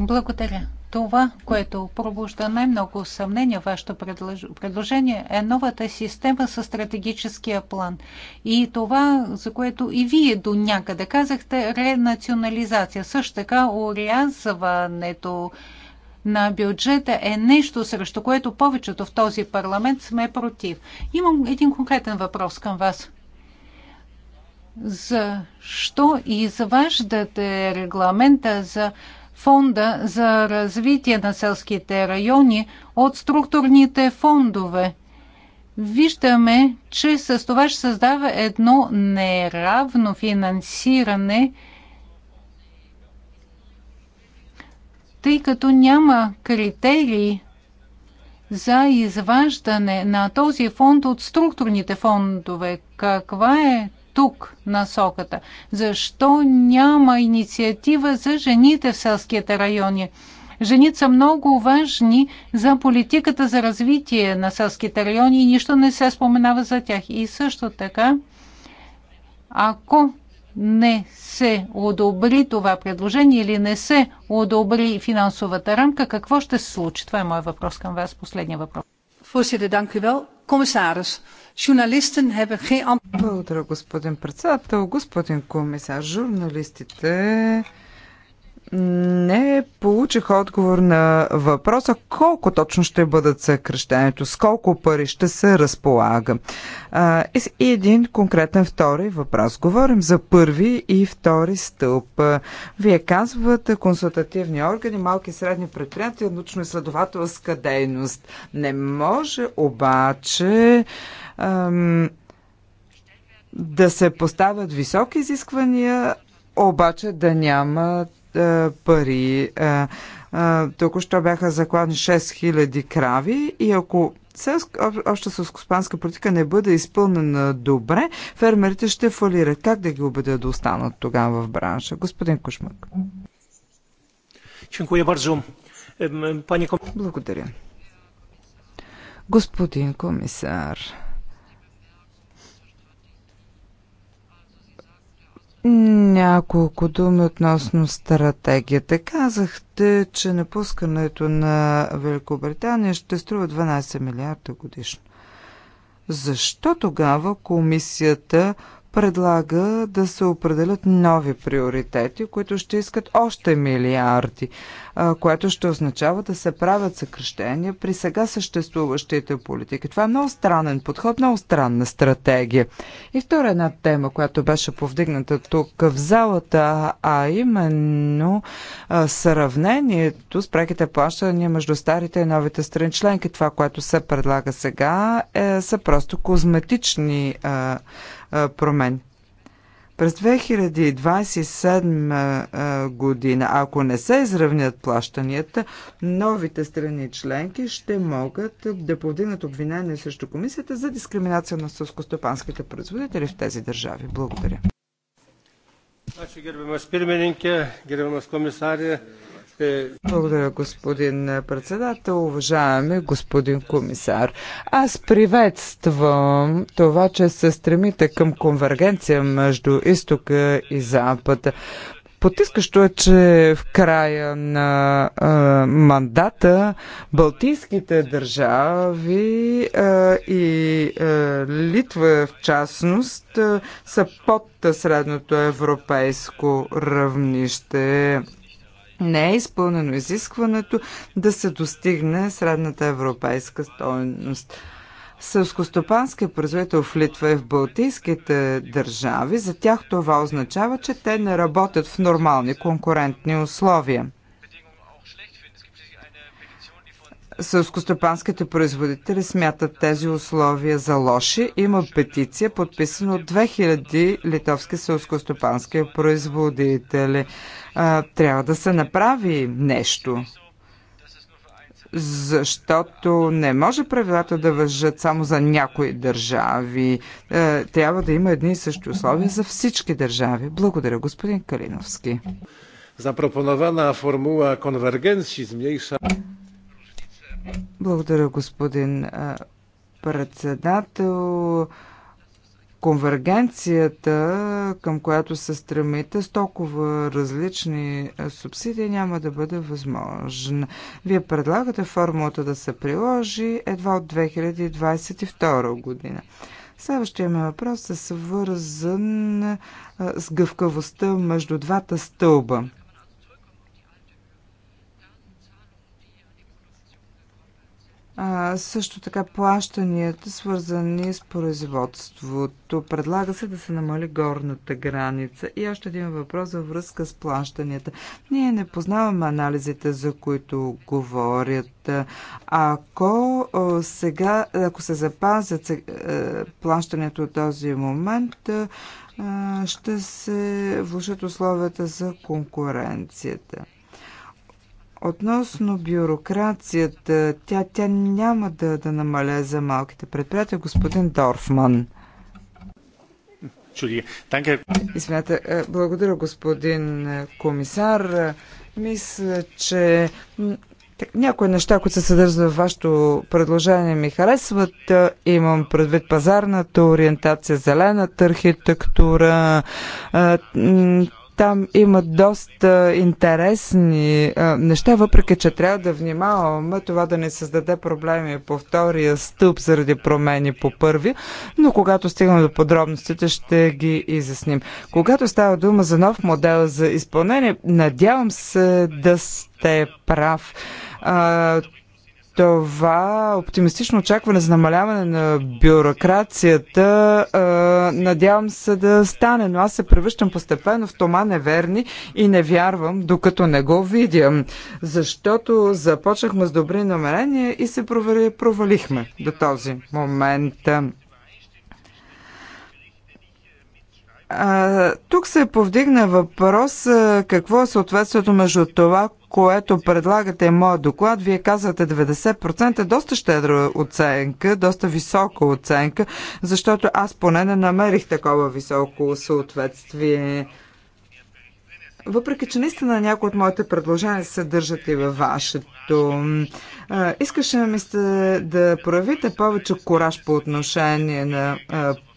Благодаря. Това, което пробужда най-много съмнение в вашето предложение, е новата система със стратегическия план. И това, за което и вие до някъде казахте, ренационализация. Също така урязването на бюджета е нещо, срещу което повечето в този парламент сме против. Имам един конкретен въпрос към вас. Защо изваждате регламента за фонда за развитие на селските райони от структурните фондове. Виждаме, че с това ще създава едно неравно финансиране, тъй като няма критерии за изваждане на този фонд от структурните фондове. Каква е тук насоката? Защо няма инициатива за жените в селските райони? Жените са много важни за политиката за развитие на селските райони и нищо не се споменава за тях. И също така, ако не се одобри това предложение или не се одобри финансовата рамка, какво ще се случи? Това е моят въпрос към вас, последния въпрос. Voorzitter, dank u wel. Commissaris, журналистен hebben geen... Благодаря, господин председател. Господин комисар, журналистите не получих отговор на въпроса колко точно ще бъдат съкръщението, с колко пари ще се разполага. и един конкретен втори въпрос. Говорим за първи и втори стълб. Вие казвате консултативни органи, малки и средни предприятия, научно-изследователска дейност. Не може обаче ам, да се поставят високи изисквания, обаче да нямат е, пари. Е, е, току-що бяха закладни 6000 крави и ако обща селскоспанска политика не бъде изпълнена добре, фермерите ще фалират. Как да ги убедя да останат тогава в бранша? Господин Кушмак. Благодаря. Господин комисар, Няколко думи относно стратегията. Казахте, че напускането на Великобритания ще струва 12 милиарда годишно. Защо тогава комисията предлага да се определят нови приоритети, които ще искат още милиарди, което ще означава да се правят съкрещения при сега съществуващите политики. Това е много странен подход, много странна стратегия. И втора една тема, която беше повдигната тук в залата, а именно сравнението с преките плащания между старите и новите страни членки. Това, което се предлага сега, е, са просто козметични а, промен. През 2027 година, ако не се изравнят плащанията, новите страни членки ще могат да повдигнат обвинение срещу комисията за дискриминация на сълскостопанските производители в тези държави. Благодаря. Благодаря, господин председател. Уважаеми господин комисар, аз приветствам това, че се стремите към конвергенция между изтока и запада. Потискащо е, че в края на а, мандата Балтийските държави а, и а, Литва в частност а, са под средното европейско равнище не е изпълнено изискването да се достигне средната европейска стоеност. Сълскостопанският производител в Литва и в Балтийските държави, за тях това означава, че те не работят в нормални конкурентни условия. Сълскостопанските производители смятат тези условия за лоши. Има петиция, подписана от 2000 литовски сълскостопански производители. Трябва да се направи нещо защото не може правилата да въжат само за някои държави. Трябва да има едни и същи условия за всички държави. Благодаря, господин Калиновски. Запропонована формула конвергенции змniejsza... Благодаря, господин председател. Конвергенцията, към която се стремите с толкова различни субсидии, няма да бъде възможна. Вие предлагате формулата да се приложи едва от 2022 година. Следващия ми въпрос е свързан с гъвкавостта между двата стълба. А, също така плащанията, свързани с производството. Предлага се да се намали горната граница. И още един въпрос във връзка с плащанията. Ние не познаваме анализите, за които говорят. Ако сега, ако се запазят плащането от този момент, ще се влушат условията за конкуренцията. Относно бюрокрацията, тя, тя няма да, да намаля за малките предприятия, господин Дорфман. Извинете, е, благодаря, господин е, комисар. Мисля, че някои неща, които се съдържат в вашето предложение, ми харесват. Е, имам предвид пазарната ориентация, зелената архитектура, там има доста интересни неща, въпреки че трябва да внимаваме това да не създаде проблеми по втория стълб заради промени по първи, но когато стигнем до подробностите ще ги изясним. Когато става дума за нов модел за изпълнение, надявам се да сте прав това оптимистично очакване за намаляване на бюрокрацията а, надявам се да стане, но аз се превръщам постепенно в Тома неверни и не вярвам, докато не го видя. Защото започнахме с добри намерения и се провалихме до този момент. А, тук се повдигна въпрос какво е съответствието между това, което предлагате моят доклад, вие казвате 90% е доста щедра оценка, доста висока оценка, защото аз поне не намерих такова високо съответствие. Въпреки, че наистина някои от моите предложения се държат и във вашето. Искаше ми сте да проявите повече кораж по отношение на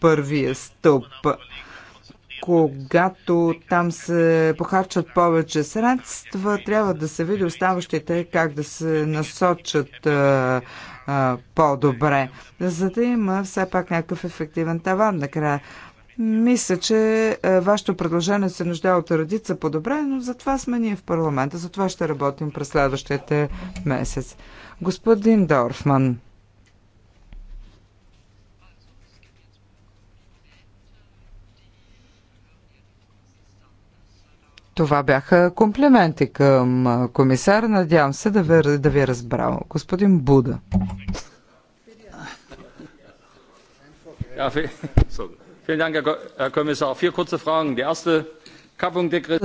първия стълб когато там се похарчат повече средства, трябва да се види оставащите как да се насочат по-добре, за да има все пак някакъв ефективен таван накрая. Мисля, че вашето предложение се нуждае от редица добре но за това сме ние в парламента, за това ще работим през следващите месец. Господин Дорфман. Това бяха комплименти към комисар. Надявам се да ви, да ви е разбрал. Господин Буда.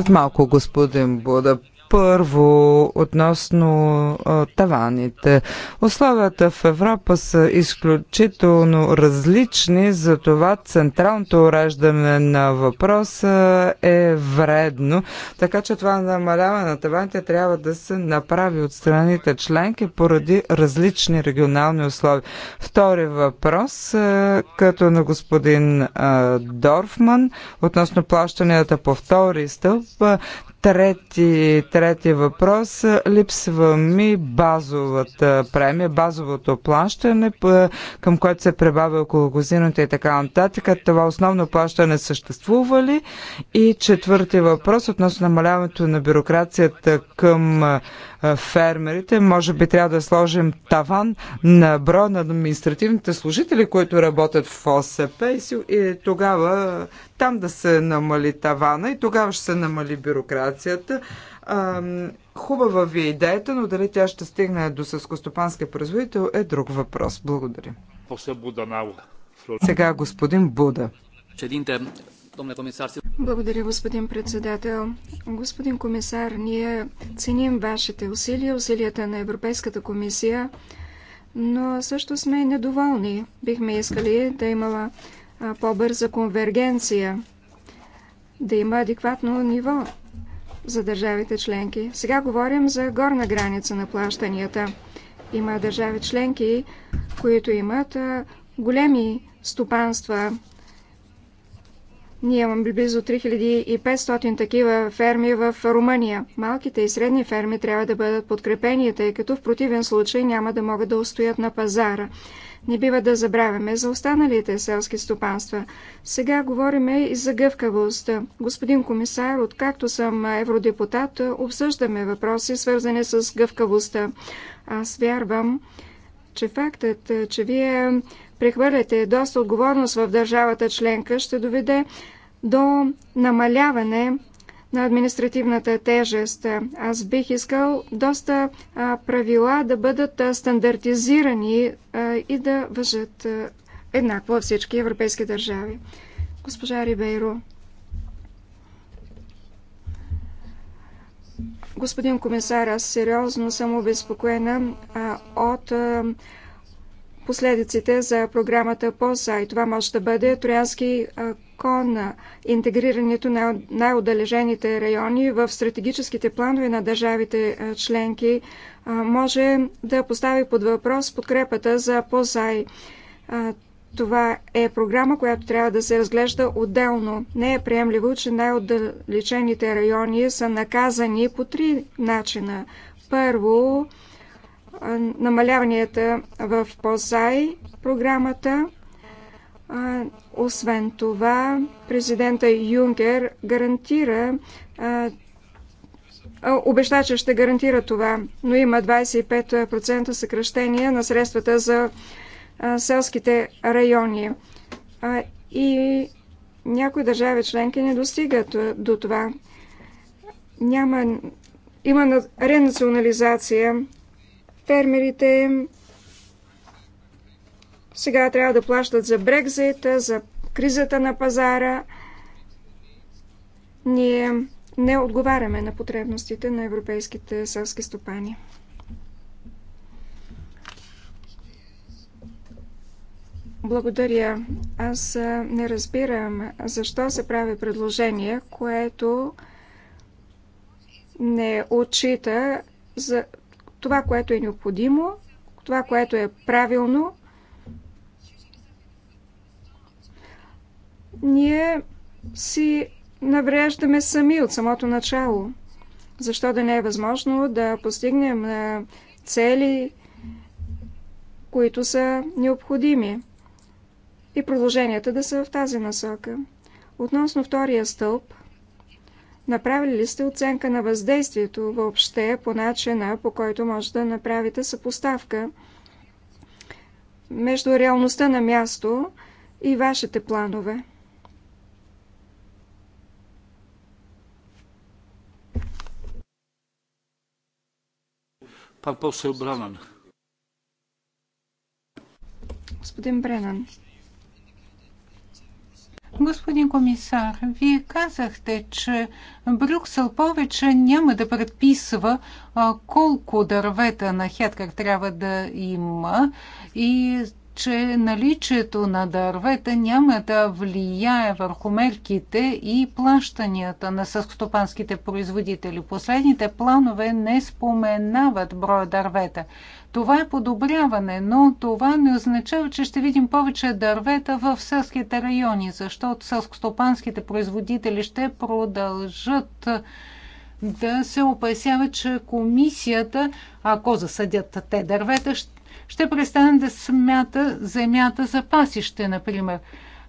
малко, господин Буда, първо, относно а, таваните. Условията в Европа са изключително различни, затова централното уреждане на въпроса е вредно. Така че това намаляване на таваните трябва да се направи от страните членки поради различни регионални условия. Втори въпрос, а, като на господин а, Дорфман, относно плащанията по втори стълб, Трети, трети въпрос. Липсва ми базовата премия, базовото плащане, към което се прибавя около козината и така нататък. Това основно плащане съществува ли? И четвърти въпрос относно намаляването на бюрокрацията към фермерите. Може би трябва да сложим таван на броя на административните служители, които работят в ОСП и, тогава там да се намали тавана и тогава ще се намали бюрокрацията. Хубава ви е идеята, но дали тя ще стигне до съскостопанския производител е друг въпрос. Благодаря. Сега господин Буда благодаря, господин председател. Господин комисар, ние ценим вашите усилия, усилията на Европейската комисия, но също сме недоволни. Бихме искали да има по-бърза конвергенция, да има адекватно ниво за държавите членки. Сега говорим за горна граница на плащанията. Има държави членки, които имат големи стопанства, ние имаме близо 3500 такива ферми в Румъния. Малките и средни ферми трябва да бъдат подкрепени, тъй като в противен случай няма да могат да устоят на пазара. Не бива да забравяме за останалите селски стопанства. Сега говориме и за гъвкавост. Господин комисар, откакто съм евродепутат, обсъждаме въпроси, свързани с гъвкавостта. Аз вярвам, че фактът, че вие прехвърляте доста отговорност в държавата членка, ще доведе до намаляване на административната тежест. Аз бих искал доста правила да бъдат стандартизирани и да въжат еднакво във всички европейски държави. Госпожа Рибейро. Господин комисар, аз сериозно съм обезпокоена от последиците за програмата ПОСА и това може да бъде Троянски кон, интегрирането на най-отдалежените райони в стратегическите планове на държавите членки може да постави под въпрос подкрепата за ПОСАЙ. Това е програма, която трябва да се разглежда отделно. Не е приемливо, че най-отдалечените райони са наказани по три начина. Първо, намаляванията в ПОСАИ програмата. Освен това, президента Юнкер гарантира, обеща, че ще гарантира това, но има 25% съкръщение на средствата за селските райони. И някои държави членки не достигат до това. Няма, има ренационализация Фермерите сега трябва да плащат за Брекзита, за кризата на пазара. Ние не отговаряме на потребностите на европейските селски стопани. Благодаря. Аз не разбирам защо се прави предложение, което не отчита за това, което е необходимо, това, което е правилно. Ние си навреждаме сами от самото начало. Защо да не е възможно да постигнем цели, които са необходими и продълженията да са в тази насока. Относно втория стълб, Направили ли сте оценка на въздействието въобще по начина, по който може да направите съпоставка между реалността на място и вашите планове? Господин Бренан. Господин комисар, вие казахте, че Брюксел повече няма да предписва а, колко дървета на хеткар трябва да има и че наличието на дървета няма да влияе върху мерките и плащанията на съскотопанските производители. Последните планове не споменават броя дървета. Това е подобряване, но това не означава, че ще видим повече дървета в селските райони, защото селскостопанските производители ще продължат да се опасяват, че комисията, ако засъдят те дървета, ще престане да смята земята за пасище, например.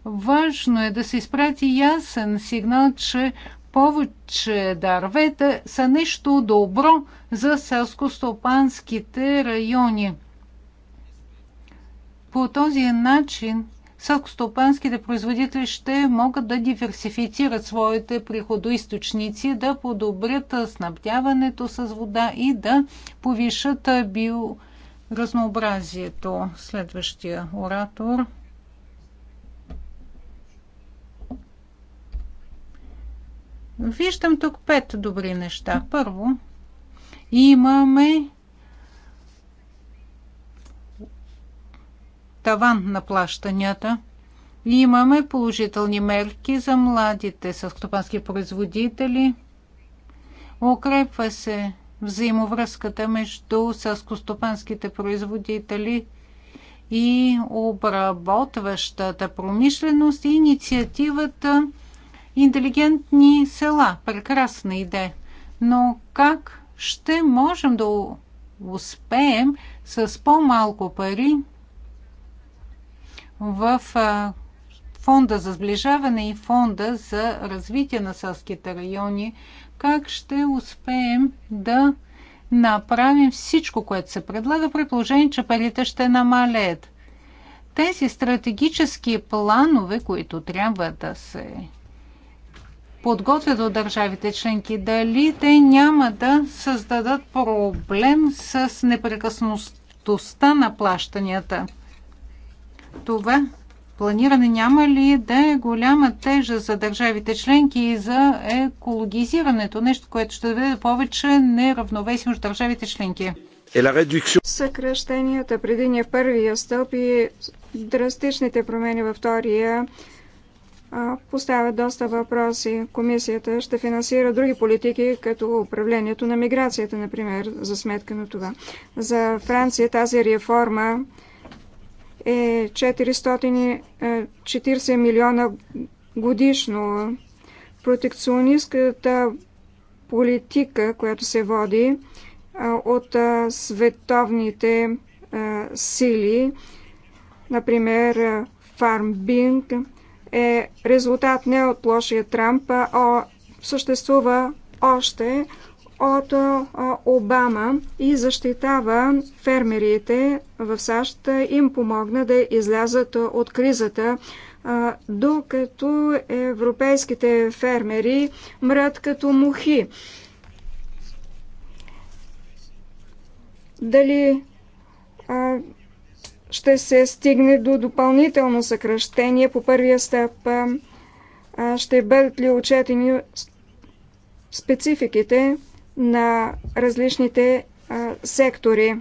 Важно е да се изпрати ясен сигнал, че повече дървета са нещо добро за селскостопанските райони. По този начин селскостопанските производители ще могат да диверсифицират своите приходоисточници, да подобрят снабдяването с вода и да повишат биоразнообразието. Следващия оратор – Виждам тук пет добри неща. Първо, имаме таван на плащанията. Имаме положителни мерки за младите селскостопански производители. Укрепва се взаимовръзката между селскостопанските производители и обработващата промишленост и инициативата интелигентни села. Прекрасна идея. Но как ще можем да успеем с по-малко пари в фонда за сближаване и фонда за развитие на селските райони, как ще успеем да направим всичко, което се предлага, при положение, че парите ще намалеят. Тези стратегически планове, които трябва да се подготвят от държавите членки, дали те няма да създадат проблем с непрекъснатостта на плащанията. Това планиране няма ли да е голяма тежа за държавите членки и за екологизирането, нещо, което ще даде повече неравновесие между държавите членки? Е, Съкръщенията преди първия стълб и драстичните промени във втория поставя доста въпроси. Комисията ще финансира други политики, като управлението на миграцията, например, за сметка на това. За Франция тази реформа е 440 милиона годишно. Протекционистката политика, която се води от световните сили, например, фармбинг, е резултат не от лошия Трамп, а съществува още от Обама и защитава фермерите в САЩ, им помогна да излязат от кризата, докато европейските фермери мрат като мухи. Дали ще се стигне до допълнително съкръщение по първия стъп? Ще бъдат ли отчетени спецификите на различните сектори?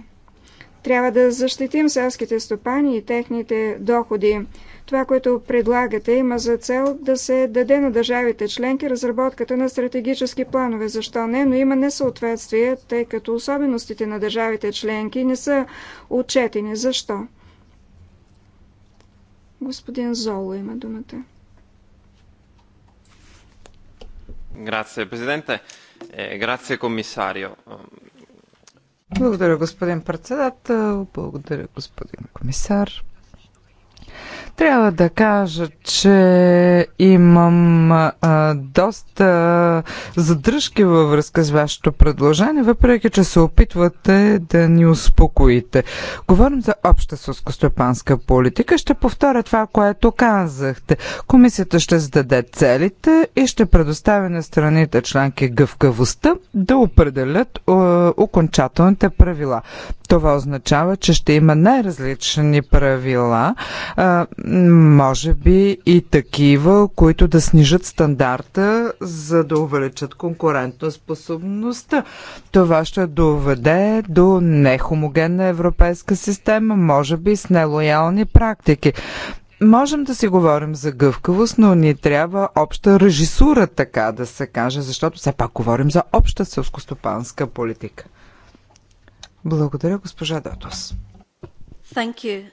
Трябва да защитим селските стопани и техните доходи. Това, което предлагате, има за цел да се даде на държавите членки разработката на стратегически планове. Защо не? Но има несъответствие, тъй като особеностите на държавите членки не са отчетени. Защо? Господин Золо има думата. Грация, президенте. Е, грация, комисарио. Благодаря, господин председател. Благодаря, господин комисар. Трябва да кажа, че имам а, доста задръжки във връзка с вашето предложение, въпреки че се опитвате да ни успокоите. Говорим за обща сълскостопанска политика. Ще повторя това, което казахте. Комисията ще зададе целите и ще предостави на страните членки гъвкавостта да определят а, окончателните правила. Това означава, че ще има най-различни правила. А, може би и такива, които да снижат стандарта, за да увеличат конкурентоспособността. Това ще доведе до нехомогенна европейска система, може би с нелоялни практики. Можем да си говорим за гъвкавост, но ни трябва обща режисура, така да се каже, защото все пак говорим за обща селскостопанска политика. Благодаря, госпожа Датос. Thank you.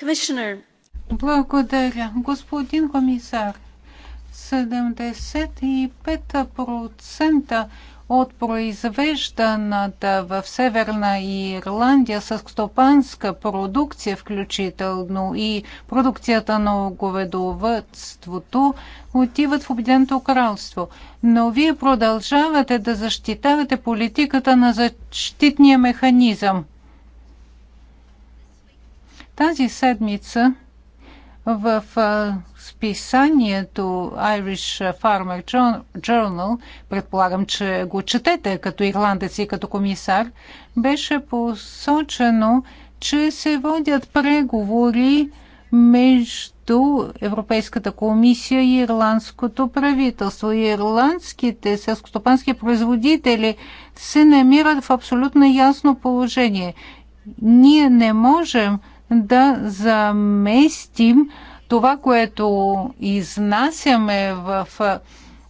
Commissioner, благодаря. Господин комисар, 75% от произвежданата в Северна Ирландия стопанска продукция, включително и продукцията на говедовътството, отиват в Обединеното кралство. Но вие продължавате да защитавате политиката на защитния механизъм. Тази седмица в списанието Irish Farmer Journal, предполагам, че го четете като ирландец и като комисар, беше посочено, че се водят преговори между Европейската комисия и ирландското правителство. Ирландските селскостопански производители се намират в абсолютно ясно положение. Ние не можем да заместим това, което изнасяме в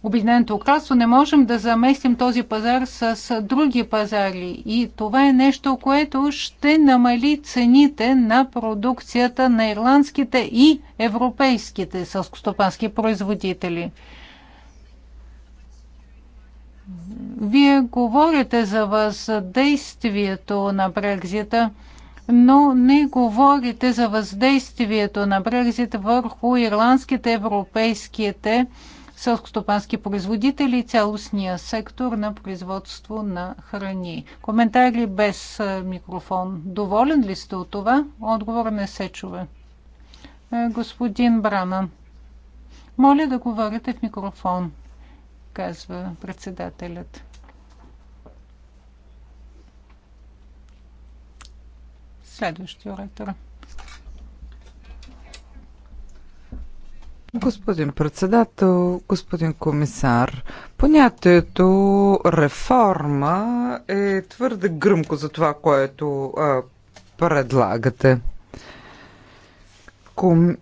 Обединеното кралство, не можем да заместим този пазар с други пазари. И това е нещо, което ще намали цените на продукцията на ирландските и европейските сълскостопански производители. Вие говорите за въздействието на Брекзита – но не говорите за въздействието на Брекзит върху ирландските, европейските селскостопански производители и цялостния сектор на производство на храни. Коментари без микрофон. Доволен ли сте от това? Отговор не се чува. Господин Бранан, моля да говорите в микрофон, казва председателят. Следващия оратор. Господин председател, господин комисар, понятието реформа е твърде гръмко за това, което а, предлагате. Ком...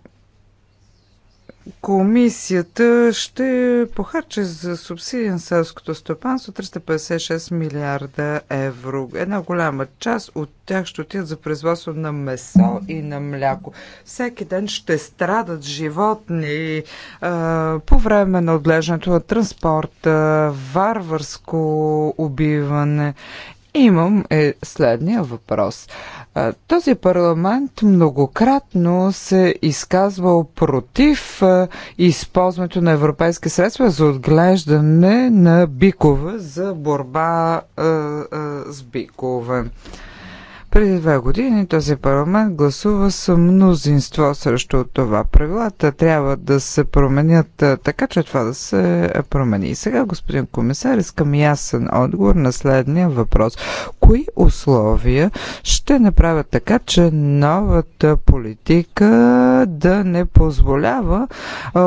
Комисията ще похарчи за субсидия на селското стопанство 356 милиарда евро. Една голяма част от тях ще отидат за производство на месо и на мляко. Всеки ден ще страдат животни а, по време на отглеждането на транспорта, варварско убиване. Имам е следния въпрос. Този парламент многократно се изказвал против използването на европейски средства за отглеждане на бикове за борба с бикове. Преди два години този парламент гласува с мнозинство срещу това. Правилата трябва да се променят така, че това да се промени. И сега, господин комисар, искам ясен отговор на следния въпрос. Кои условия ще направят така, че новата политика да не позволява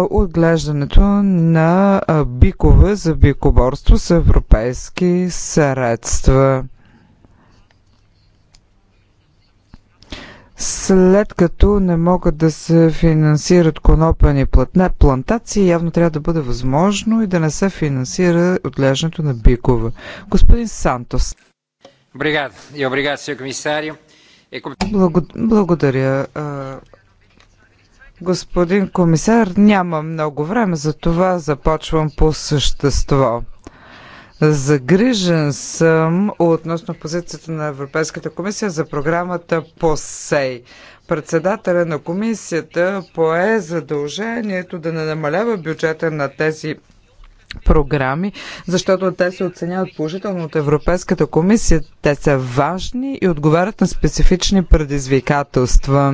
отглеждането на бикове за бикоборство с европейски средства? След като не могат да се финансират конопени плантации, явно трябва да бъде възможно и да не се финансира отглеждането на бикове. Господин Сантос. Е, благодаря. Господин комисар, няма много време, за това започвам по същество. Загрижен съм относно позицията на Европейската комисия за програмата ПОСЕЙ. Председателя на комисията пое задължението да не намалява бюджета на тези програми, защото те се оценяват положително от Европейската комисия. Те са важни и отговарят на специфични предизвикателства.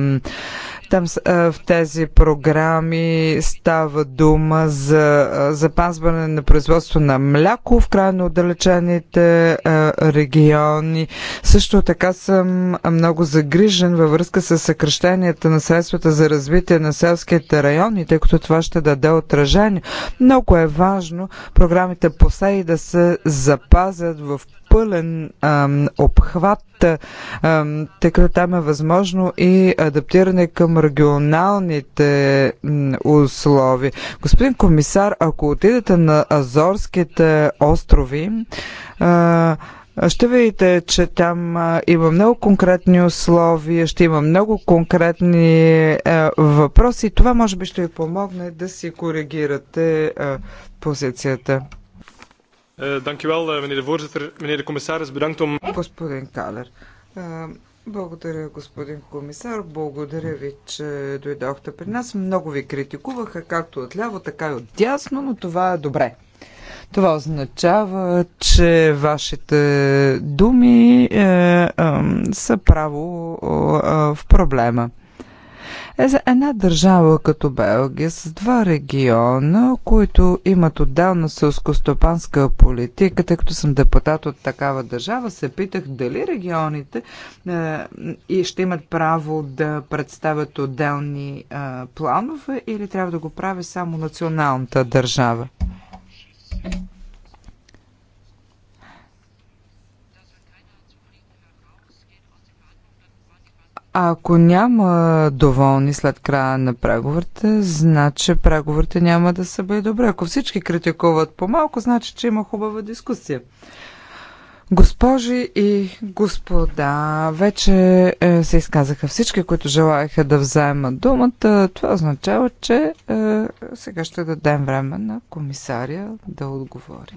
Там в тези програми става дума за запазване на производство на мляко в крайно отдалечените региони. Също така съм много загрижен във връзка с съкръщенията на средствата за развитие на селските райони, тъй като това ще даде отражение. Много е важно програмите по СЕИ да се запазят в пълен ам, обхват, ам, тъй като там е възможно и адаптиране към регионалните м, условия. Господин комисар, ако отидете на Азорските острови, а, ще видите, че там има много конкретни условия, ще има много конкретни е, въпроси. Това може би ще ви помогне да си коригирате е, позицията. Eh, eh, господин Калер, е, благодаря, господин комисар. Благодаря ви, че дойдохте при нас. Много ви критикуваха, както от ляво, така и от дясно, но това е добре. Това означава, че вашите думи е, е, са право е, в проблема е за една държава като Белгия с два региона, които имат отделна селско-стопанска политика, тъй като съм депутат от такава държава, се питах дали регионите е, и ще имат право да представят отделни е, планове или трябва да го прави само националната държава. Ако няма доволни след края на преговорите, значи преговорите няма да са бъде добре. Ако всички критикуват по-малко, значи, че има хубава дискусия. Госпожи и господа, вече е, се изказаха всички, които желаяха да вземат думата. Това означава, че е, сега ще дадем време на комисаря да отговори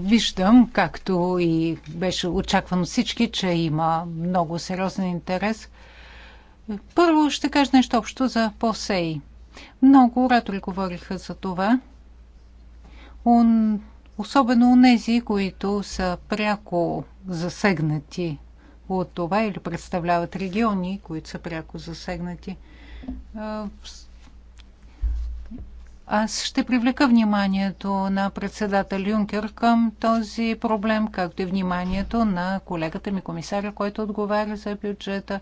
виждам, както и беше очаквано всички, че има много сериозен интерес. Първо ще кажа нещо общо за Посей. Много оратори говориха за това. Он, особено у нези, които са пряко засегнати от това или представляват региони, които са пряко засегнати. Аз ще привлека вниманието на председател Юнкер към този проблем, както и вниманието на колегата ми комисаря, който отговаря за бюджета.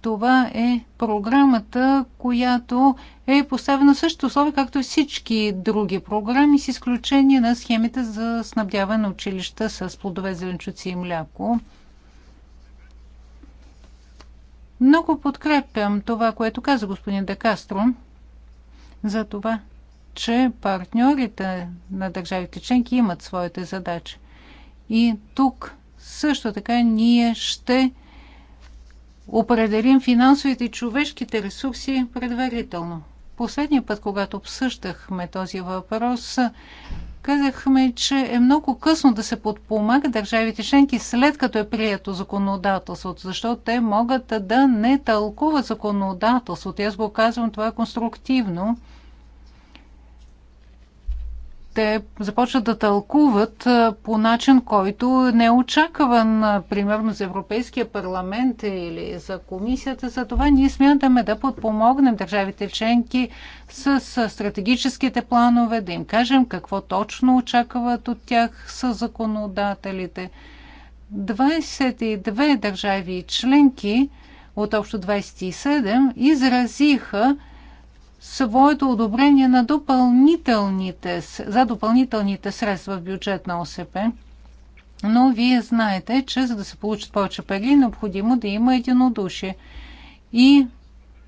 Това е програмата, която е поставена също условие, както всички други програми, с изключение на схемите за снабдяване на училища с плодове, зеленчуци и мляко. Много подкрепям това, което каза господин Декастро. Кастро за това, че партньорите на държавите членки имат своите задачи. И тук също така ние ще определим финансовите и човешките ресурси предварително. Последния път, когато обсъждахме този въпрос, казахме, че е много късно да се подпомага държавите членки след като е прието законодателството, защото те могат да не тълкуват законодателството. Аз го казвам това конструктивно те започват да тълкуват по начин, който не е очакван, примерно за Европейския парламент или за комисията. За това ние смятаме да подпомогнем държавите членки с стратегическите планове, да им кажем какво точно очакват от тях с законодателите. 22 държави членки от общо 27 изразиха своето одобрение на допълнителните, за допълнителните средства в бюджет на ОСП. Но вие знаете, че за да се получат повече пари, е необходимо да има единодушие. И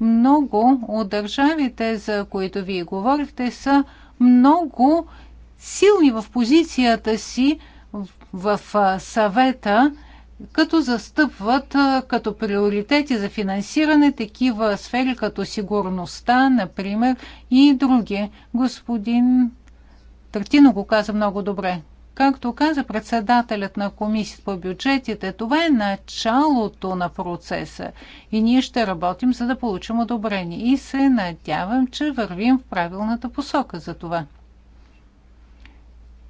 много от държавите, за които вие говорихте, са много силни в позицията си в съвета като застъпват като приоритети за финансиране такива сфери като сигурността, например, и други. Господин Тартино го каза много добре. Както каза председателят на комисията по бюджетите, това е началото на процеса и ние ще работим, за да получим одобрение. И се надявам, че вървим в правилната посока за това.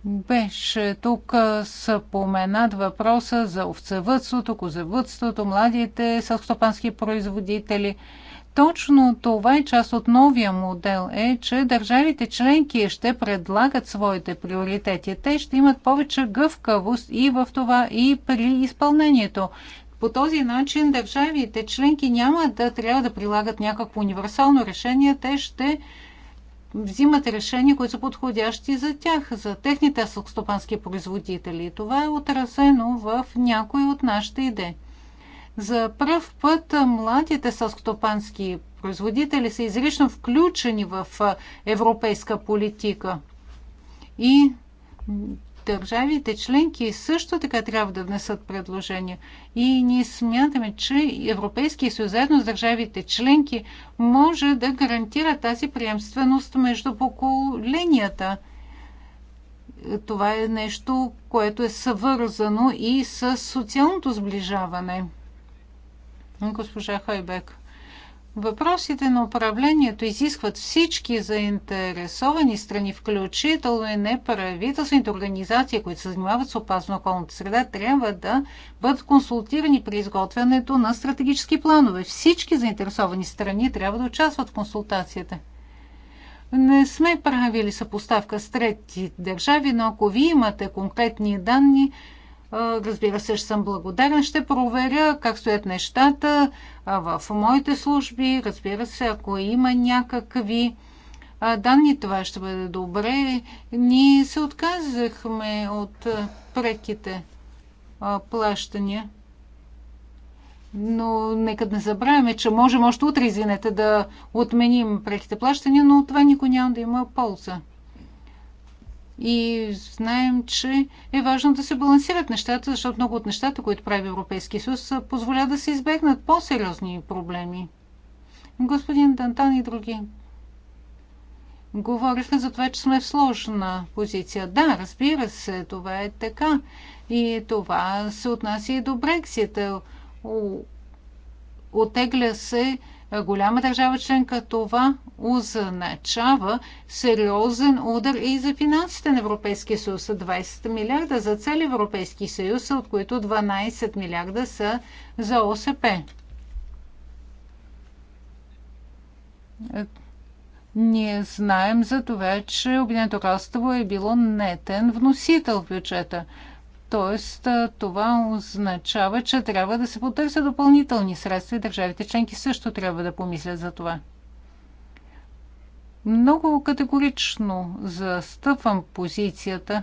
Беше тук споменат въпроса за овцевътството, козевътството, младите селскостопански производители. Точно това е част от новия модел е, че държавите членки ще предлагат своите приоритети. Те ще имат повече гъвкавост и в това, и при изпълнението. По този начин държавите членки няма да трябва да прилагат някакво универсално решение, те ще взимат решения, които са подходящи за тях, за техните стопански производители. Това е отразено в някои от нашите идеи. За първ път младите селскостопански производители са изрично включени в европейска политика. И държавите членки също така трябва да внесат предложения. И ние смятаме, че Европейския съюз заедно с държавите членки може да гарантира тази приемственост между поколенията. Това е нещо, което е съвързано и с социалното сближаване. Госпожа Хайбек. Въпросите на управлението изискват всички заинтересовани страни, включително и неправителствените организации, които се занимават с опасно околната среда, трябва да бъдат консултирани при изготвянето на стратегически планове. Всички заинтересовани страни трябва да участват в консултацията. Не сме правили съпоставка с трети държави, но ако ви имате конкретни данни, Разбира се, ще съм благодарен. Ще проверя как стоят нещата в моите служби. Разбира се, ако има някакви данни, това ще бъде добре. Ние се отказахме от преките плащания. Но нека да не забравяме, че можем още утре, извинете, да отменим преките плащания, но от това никой няма да има полза. И знаем, че е важно да се балансират нещата, защото много от нещата, които прави Европейски съюз, позволя да се избегнат по-сериозни проблеми. Господин Дантан и други говориха за това, че сме в сложна позиция. Да, разбира се, това е така. И това се отнася и до Брексита. Отегля се голяма държава членка. Това означава сериозен удар и за финансите на Европейския съюз. 20 милиарда за цел Европейски съюз, от които 12 милиарда са за ОСП. Ние знаем за това, че Обединеното кралство е било нетен вносител в бюджета. Тоест, това означава, че трябва да се потърсят допълнителни средства и държавите членки също трябва да помислят за това. Много категорично застъпвам позицията,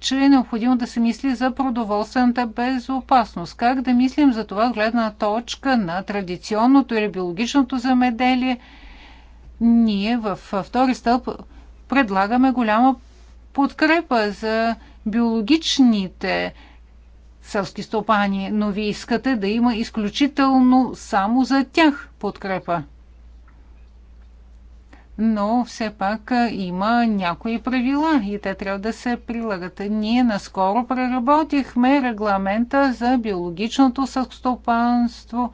че е необходимо да се мисли за продоволствената безопасност. Как да мислим за това гледна точка на традиционното или биологичното замеделие? Ние в втори стълб предлагаме голяма подкрепа за биологичните селски стопани, но вие искате да има изключително само за тях подкрепа но все пак има някои правила и те трябва да се прилагат. Ние наскоро преработихме регламента за биологичното състопанство.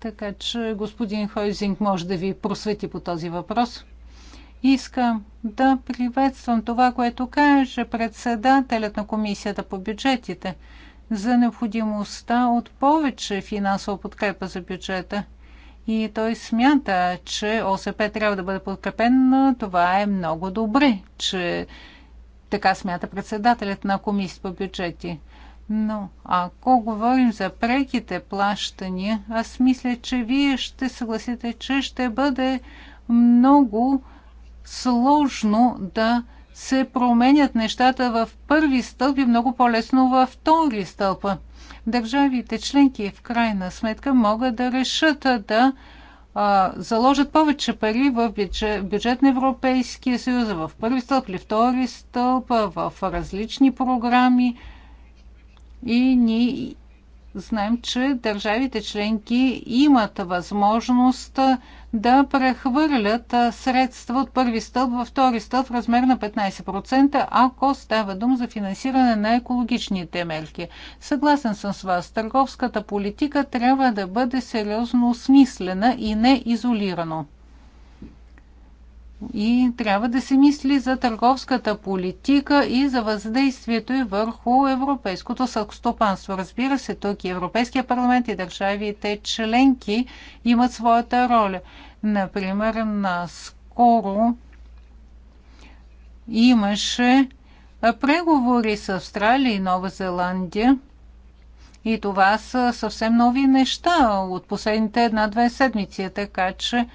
Така че господин Хойзинг може да ви просвети по този въпрос. Искам да приветствам това, което каже председателят на Комисията по бюджетите за необходимостта от повече финансова подкрепа за бюджета – и той смята, че ОСП трябва да бъде подкрепен. Това е много добре, че така смята председателят на комисията по бюджети. Но ако говорим за преките плащания, аз мисля, че вие ще съгласите, че ще бъде много сложно да се променят нещата в първи стълб и много по-лесно във втори стълб държавите членки в крайна сметка могат да решат да а, заложат повече пари в бюджет, бюджет на Европейския съюз, в първи стълб или втори стълб, в различни програми. И ние Знаем, че държавите членки имат възможност да прехвърлят средства от първи стълб във втори стълб в размер на 15%, ако става дум за финансиране на екологичните мерки. Съгласен съм с вас, търговската политика трябва да бъде сериозно осмислена и не изолирано и трябва да се мисли за търговската политика и за въздействието и върху европейското съкстопанство. Разбира се, тук и Европейския парламент и държавите членки имат своята роля. Например, наскоро имаше преговори с Австралия и Нова Зеландия. И това са съвсем нови неща от последните една-две седмици, така че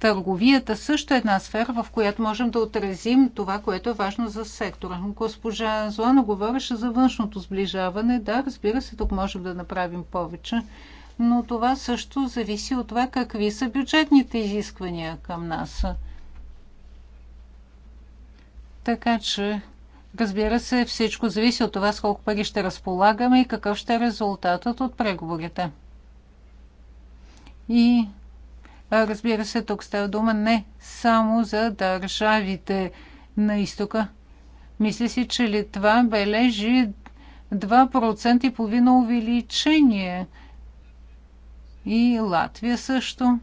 Търговията също е една сфера, в която можем да отразим това, което е важно за сектора. Госпожа Злана говореше за външното сближаване. Да, разбира се, тук можем да направим повече, но това също зависи от това какви са бюджетните изисквания към нас. Така че, разбира се, всичко зависи от това с колко пари ще разполагаме и какъв ще е резултатът от преговорите. И Разбира се, тук става дума не само за държавите на изтока. Мисля си, че Литва бележи половина увеличение. И Латвия също.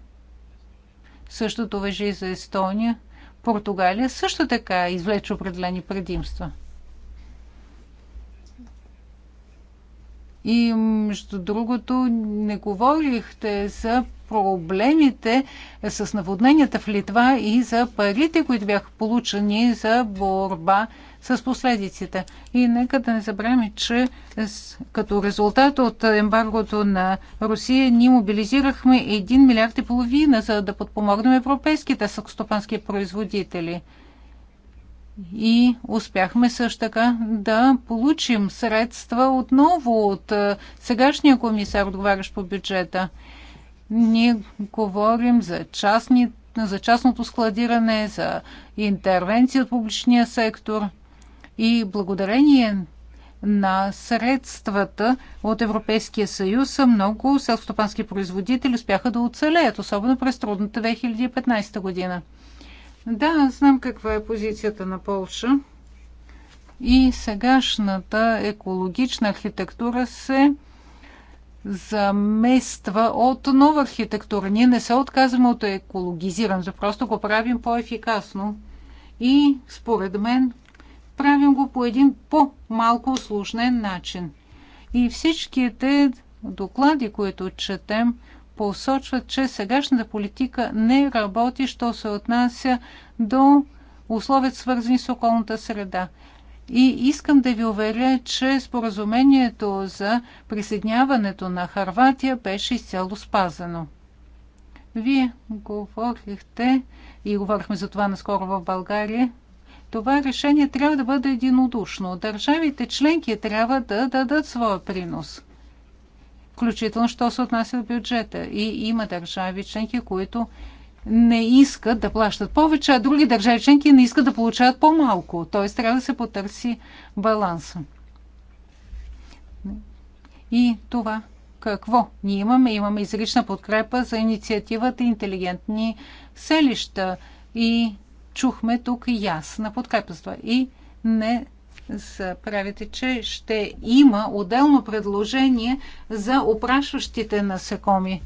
Същото въжи и за Естония. Португалия също така извлече определени предимства. И между другото, не говорихте за проблемите с наводненията в Литва и за парите, които бяха получени за борба с последиците. И нека да не забравяме, че като резултат от ембаргото на Русия ние мобилизирахме 1 милиард и половина, за да подпомогнем европейските съкстопански производители – и успяхме също така да получим средства отново от е, сегашния комисар, отговарящ по бюджета. Ние говорим за, частни, за частното складиране, за интервенции от публичния сектор и благодарение на средствата от Европейския съюз много селскостопански производители успяха да оцелеят, особено през трудната 2015 година. Да, знам каква е позицията на Полша. И сегашната екологична архитектура се замества от нова архитектура. Ние не се отказваме от за просто го правим по-ефикасно. И според мен правим го по един по-малко осложнен начин. И всичките доклади, които четем, посочват, че сегашната политика не работи, що се отнася до условия, свързани с околната среда. И искам да ви уверя, че споразумението за присъединяването на Харватия беше изцяло спазено. Вие говорихте и говорихме за това наскоро в България. Това решение трябва да бъде единодушно. Държавите членки трябва да дадат своя принос включително що се отнася до бюджета. И има държави членки, които не искат да плащат повече, а други държави членки не искат да получават по-малко. Т.е. трябва да се потърси баланс. И това какво ние имаме? Имаме изрична подкрепа за инициативата Интелигентни селища и чухме тук ясна подкрепа за това. И не правите, че ще има отделно предложение за опрашващите насекоми.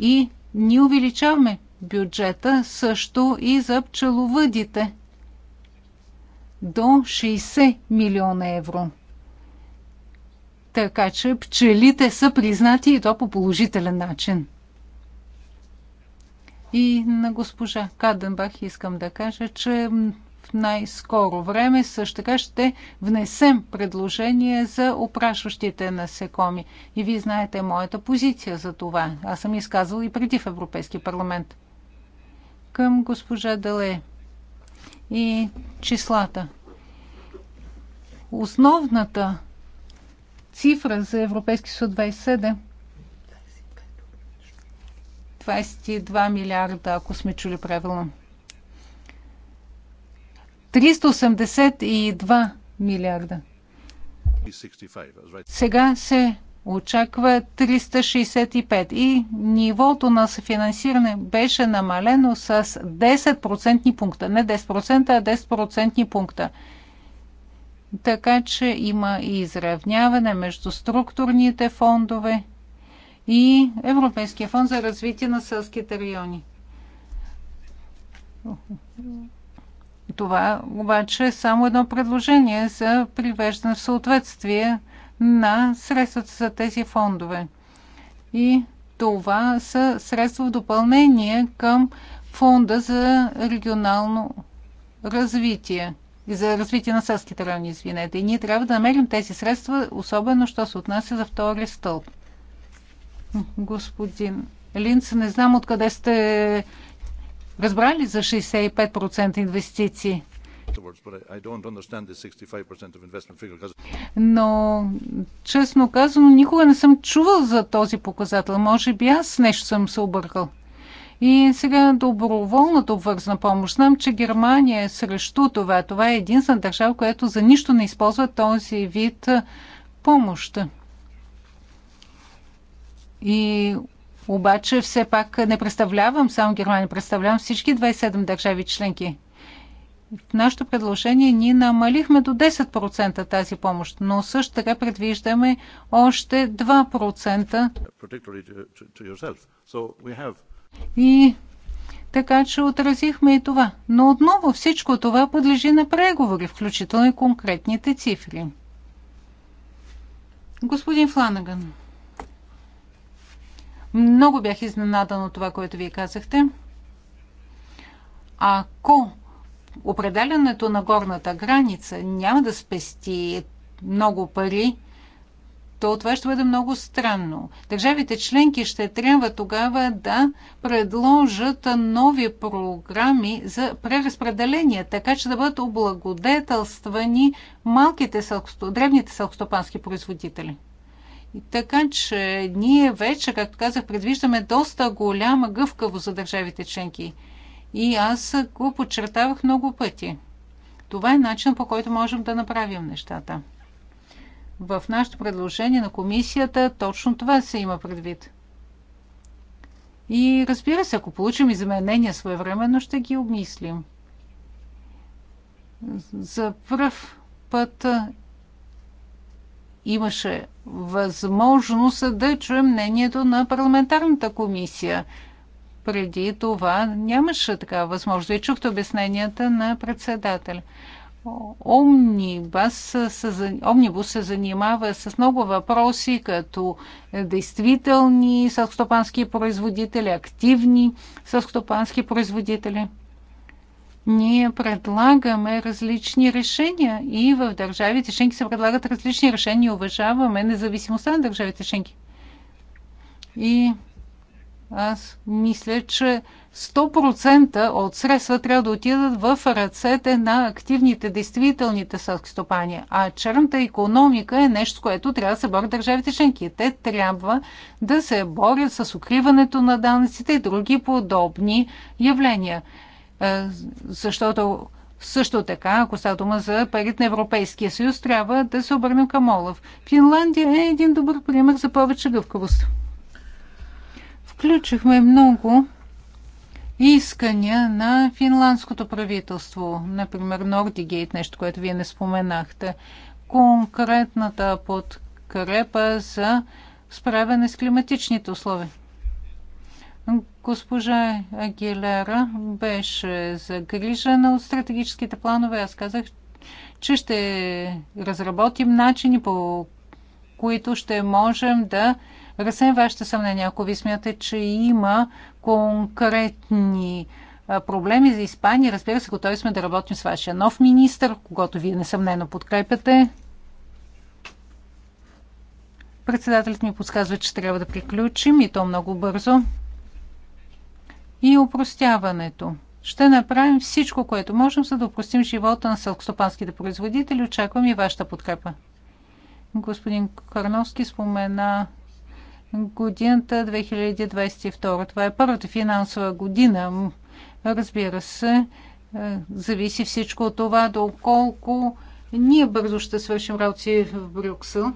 И ни увеличаваме бюджета също и за пчеловъдите до 60 милиона евро. Така че пчелите са признати и то по положителен начин. И на госпожа Каденбах искам да кажа, че най-скоро време. Също така ще внесем предложение за опрашващите насекоми. И вие знаете моята позиция за това. Аз съм изказал и преди в Европейски парламент. Към госпожа Дале. и числата. Основната цифра за Европейски съд 27 22 милиарда, ако сме чули правилно. 382 милиарда. Сега се очаква 365 и нивото на съфинансиране беше намалено с 10% пункта. Не 10%, а 10% пункта. Така че има и изравняване между структурните фондове и Европейския фонд за развитие на селските райони. Това обаче е само едно предложение за привеждане в съответствие на средствата за тези фондове. И това са средства в допълнение към фонда за регионално развитие и за развитие на селските райони, извинете. И ние трябва да намерим тези средства, особено що се отнася за втори стълб. Господин Линц, не знам откъде сте разбрали за 65% инвестиции. Но, честно казано, никога не съм чувал за този показател. Може би аз нещо съм се объркал. И сега доброволната обвързана помощ. Знам, че Германия е срещу това. Това е единствена държава, която за нищо не използва този вид помощ. И обаче все пак не представлявам само Германия, представлявам всички 27 държави членки. В нашето предложение ние намалихме до 10% тази помощ, но също така предвиждаме още 2%. И така че отразихме и това. Но отново всичко това подлежи на преговори, включително и конкретните цифри. Господин Фланаган. Много бях изненадан от това, което вие казахте. Ако определянето на горната граница няма да спести много пари, то това ще бъде много странно. Държавите членки ще трябва тогава да предложат нови програми за преразпределение, така че да бъдат облагодетелствани малките, древните селкостопански производители. Така че ние вече, както казах, предвиждаме доста голяма гъвкавост за държавите членки. И аз го подчертавах много пъти. Това е начин по който можем да направим нещата. В нашето предложение на комисията точно това се има предвид. И разбира се, ако получим изменения своевременно, ще ги обмислим. За първ път имаше възможност да чуем мнението на парламентарната комисия. Преди това нямаше такава възможност. И чухте обясненията на председателя. Омнибус, омнибус се занимава с много въпроси, като действителни селскостопански производители, активни селскостопански производители – ние предлагаме различни решения и в държавите членки се предлагат различни решения и уважаваме независимостта на държавите членки. И аз мисля, че 100% от средства трябва да отидат в ръцете на активните, действителните селски стопани. А черната економика е нещо, което трябва да се борят държавите членки. Те трябва да се борят с укриването на данъците и други подобни явления. Е, защото също така, ако става дума за парите на Европейския съюз, трябва да се обърнем към Олаф. Финландия е един добър пример за повече гъвкавост. Включихме много искания на финландското правителство, например Нордигейт, нещо, което вие не споменахте, конкретната подкрепа за справяне с климатичните условия. Госпожа Агилера беше загрижена от стратегическите планове. Аз казах, че ще разработим начини, по които ще можем да разсеем вашите съмнения. Ако ви смятате, че има конкретни проблеми за Испания, разбира се, готови сме да работим с вашия нов министр, когато вие несъмнено подкрепяте. Председателят ми подсказва, че трябва да приключим и то много бързо и упростяването. Ще направим всичко, което можем, за да упростим живота на селскостопанските производители. Очаквам и вашата подкрепа. Господин Карновски спомена годината 2022. Това е първата финансова година. Разбира се, е, зависи всичко от това, доколко ние бързо ще свършим работи в Брюксел.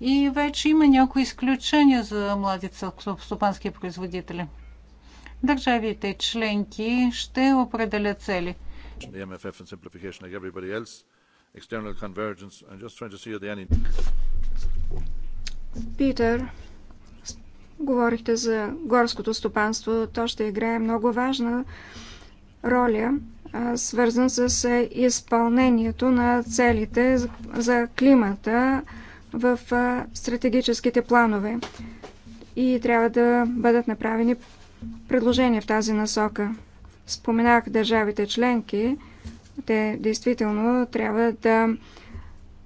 И вече има някои изключения за младите сел-стопански производители. Държавите членки ще определят цели. Питър, говорихте за горското стопанство. То ще играе много важна роля, свързан с изпълнението на целите за климата в стратегическите планове. И трябва да бъдат направени предложения в тази насока. Споменах държавите членки. Те действително трябва да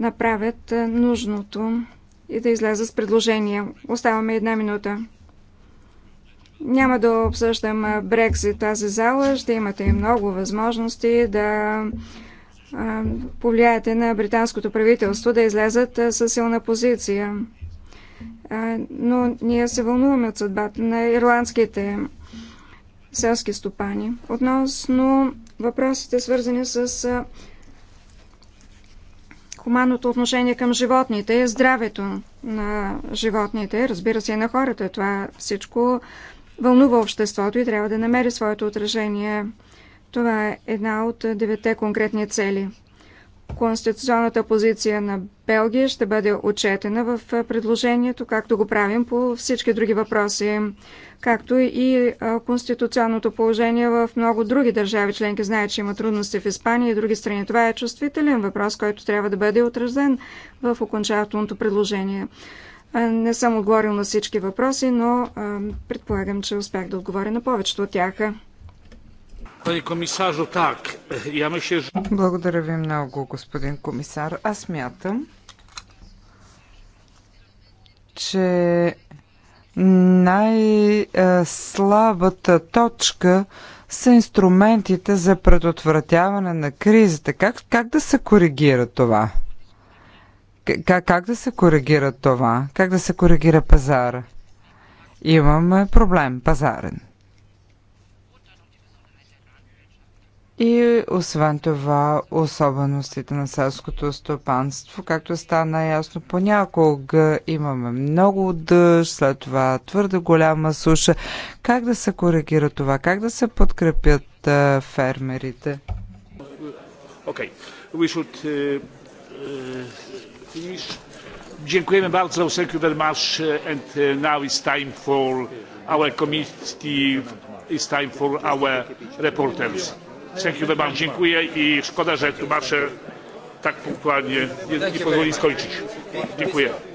направят нужното и да излязат с предложения. Оставаме една минута. Няма да обсъждам Брекзит тази зала. Ще имате и много възможности да повлияете на британското правителство да излязат със силна позиция но ние се вълнуваме от съдбата на ирландските селски стопани. Относно въпросите, свързани с хуманното отношение към животните, здравето на животните, разбира се и на хората. Това всичко вълнува обществото и трябва да намери своето отражение. Това е една от девете конкретни цели. Конституционната позиция на Белгия ще бъде отчетена в предложението, както го правим по всички други въпроси, както и конституционното положение в много други държави членки. знаят, че има трудности в Испания и други страни. Това е чувствителен въпрос, който трябва да бъде отразен в окончателното предложение. Не съм отговорил на всички въпроси, но предполагам, че успях да отговоря на повечето от тях. Благодаря ви много, господин комисар. Аз мятам, че най-слабата точка са инструментите за предотвратяване на кризата. Как, как да се коригира това? Как, как да се коригира това? Как да се коригира пазара? Имаме проблем пазарен. И освен това, особеностите на селското стопанство, както стана ясно, понякога имаме много дъжд, след това твърде голяма суша. Как да се коригира това? Как да се подкрепят а, фермерите? Окей. Okay. Should, uh, Dziękujemy bardzo, za you very much. And e, now it's time for our committee, it's time for our reporters very much. Dziękuję i szkoda, że tłumaczę tak punktualnie nie, nie skończyć. Dziękuję.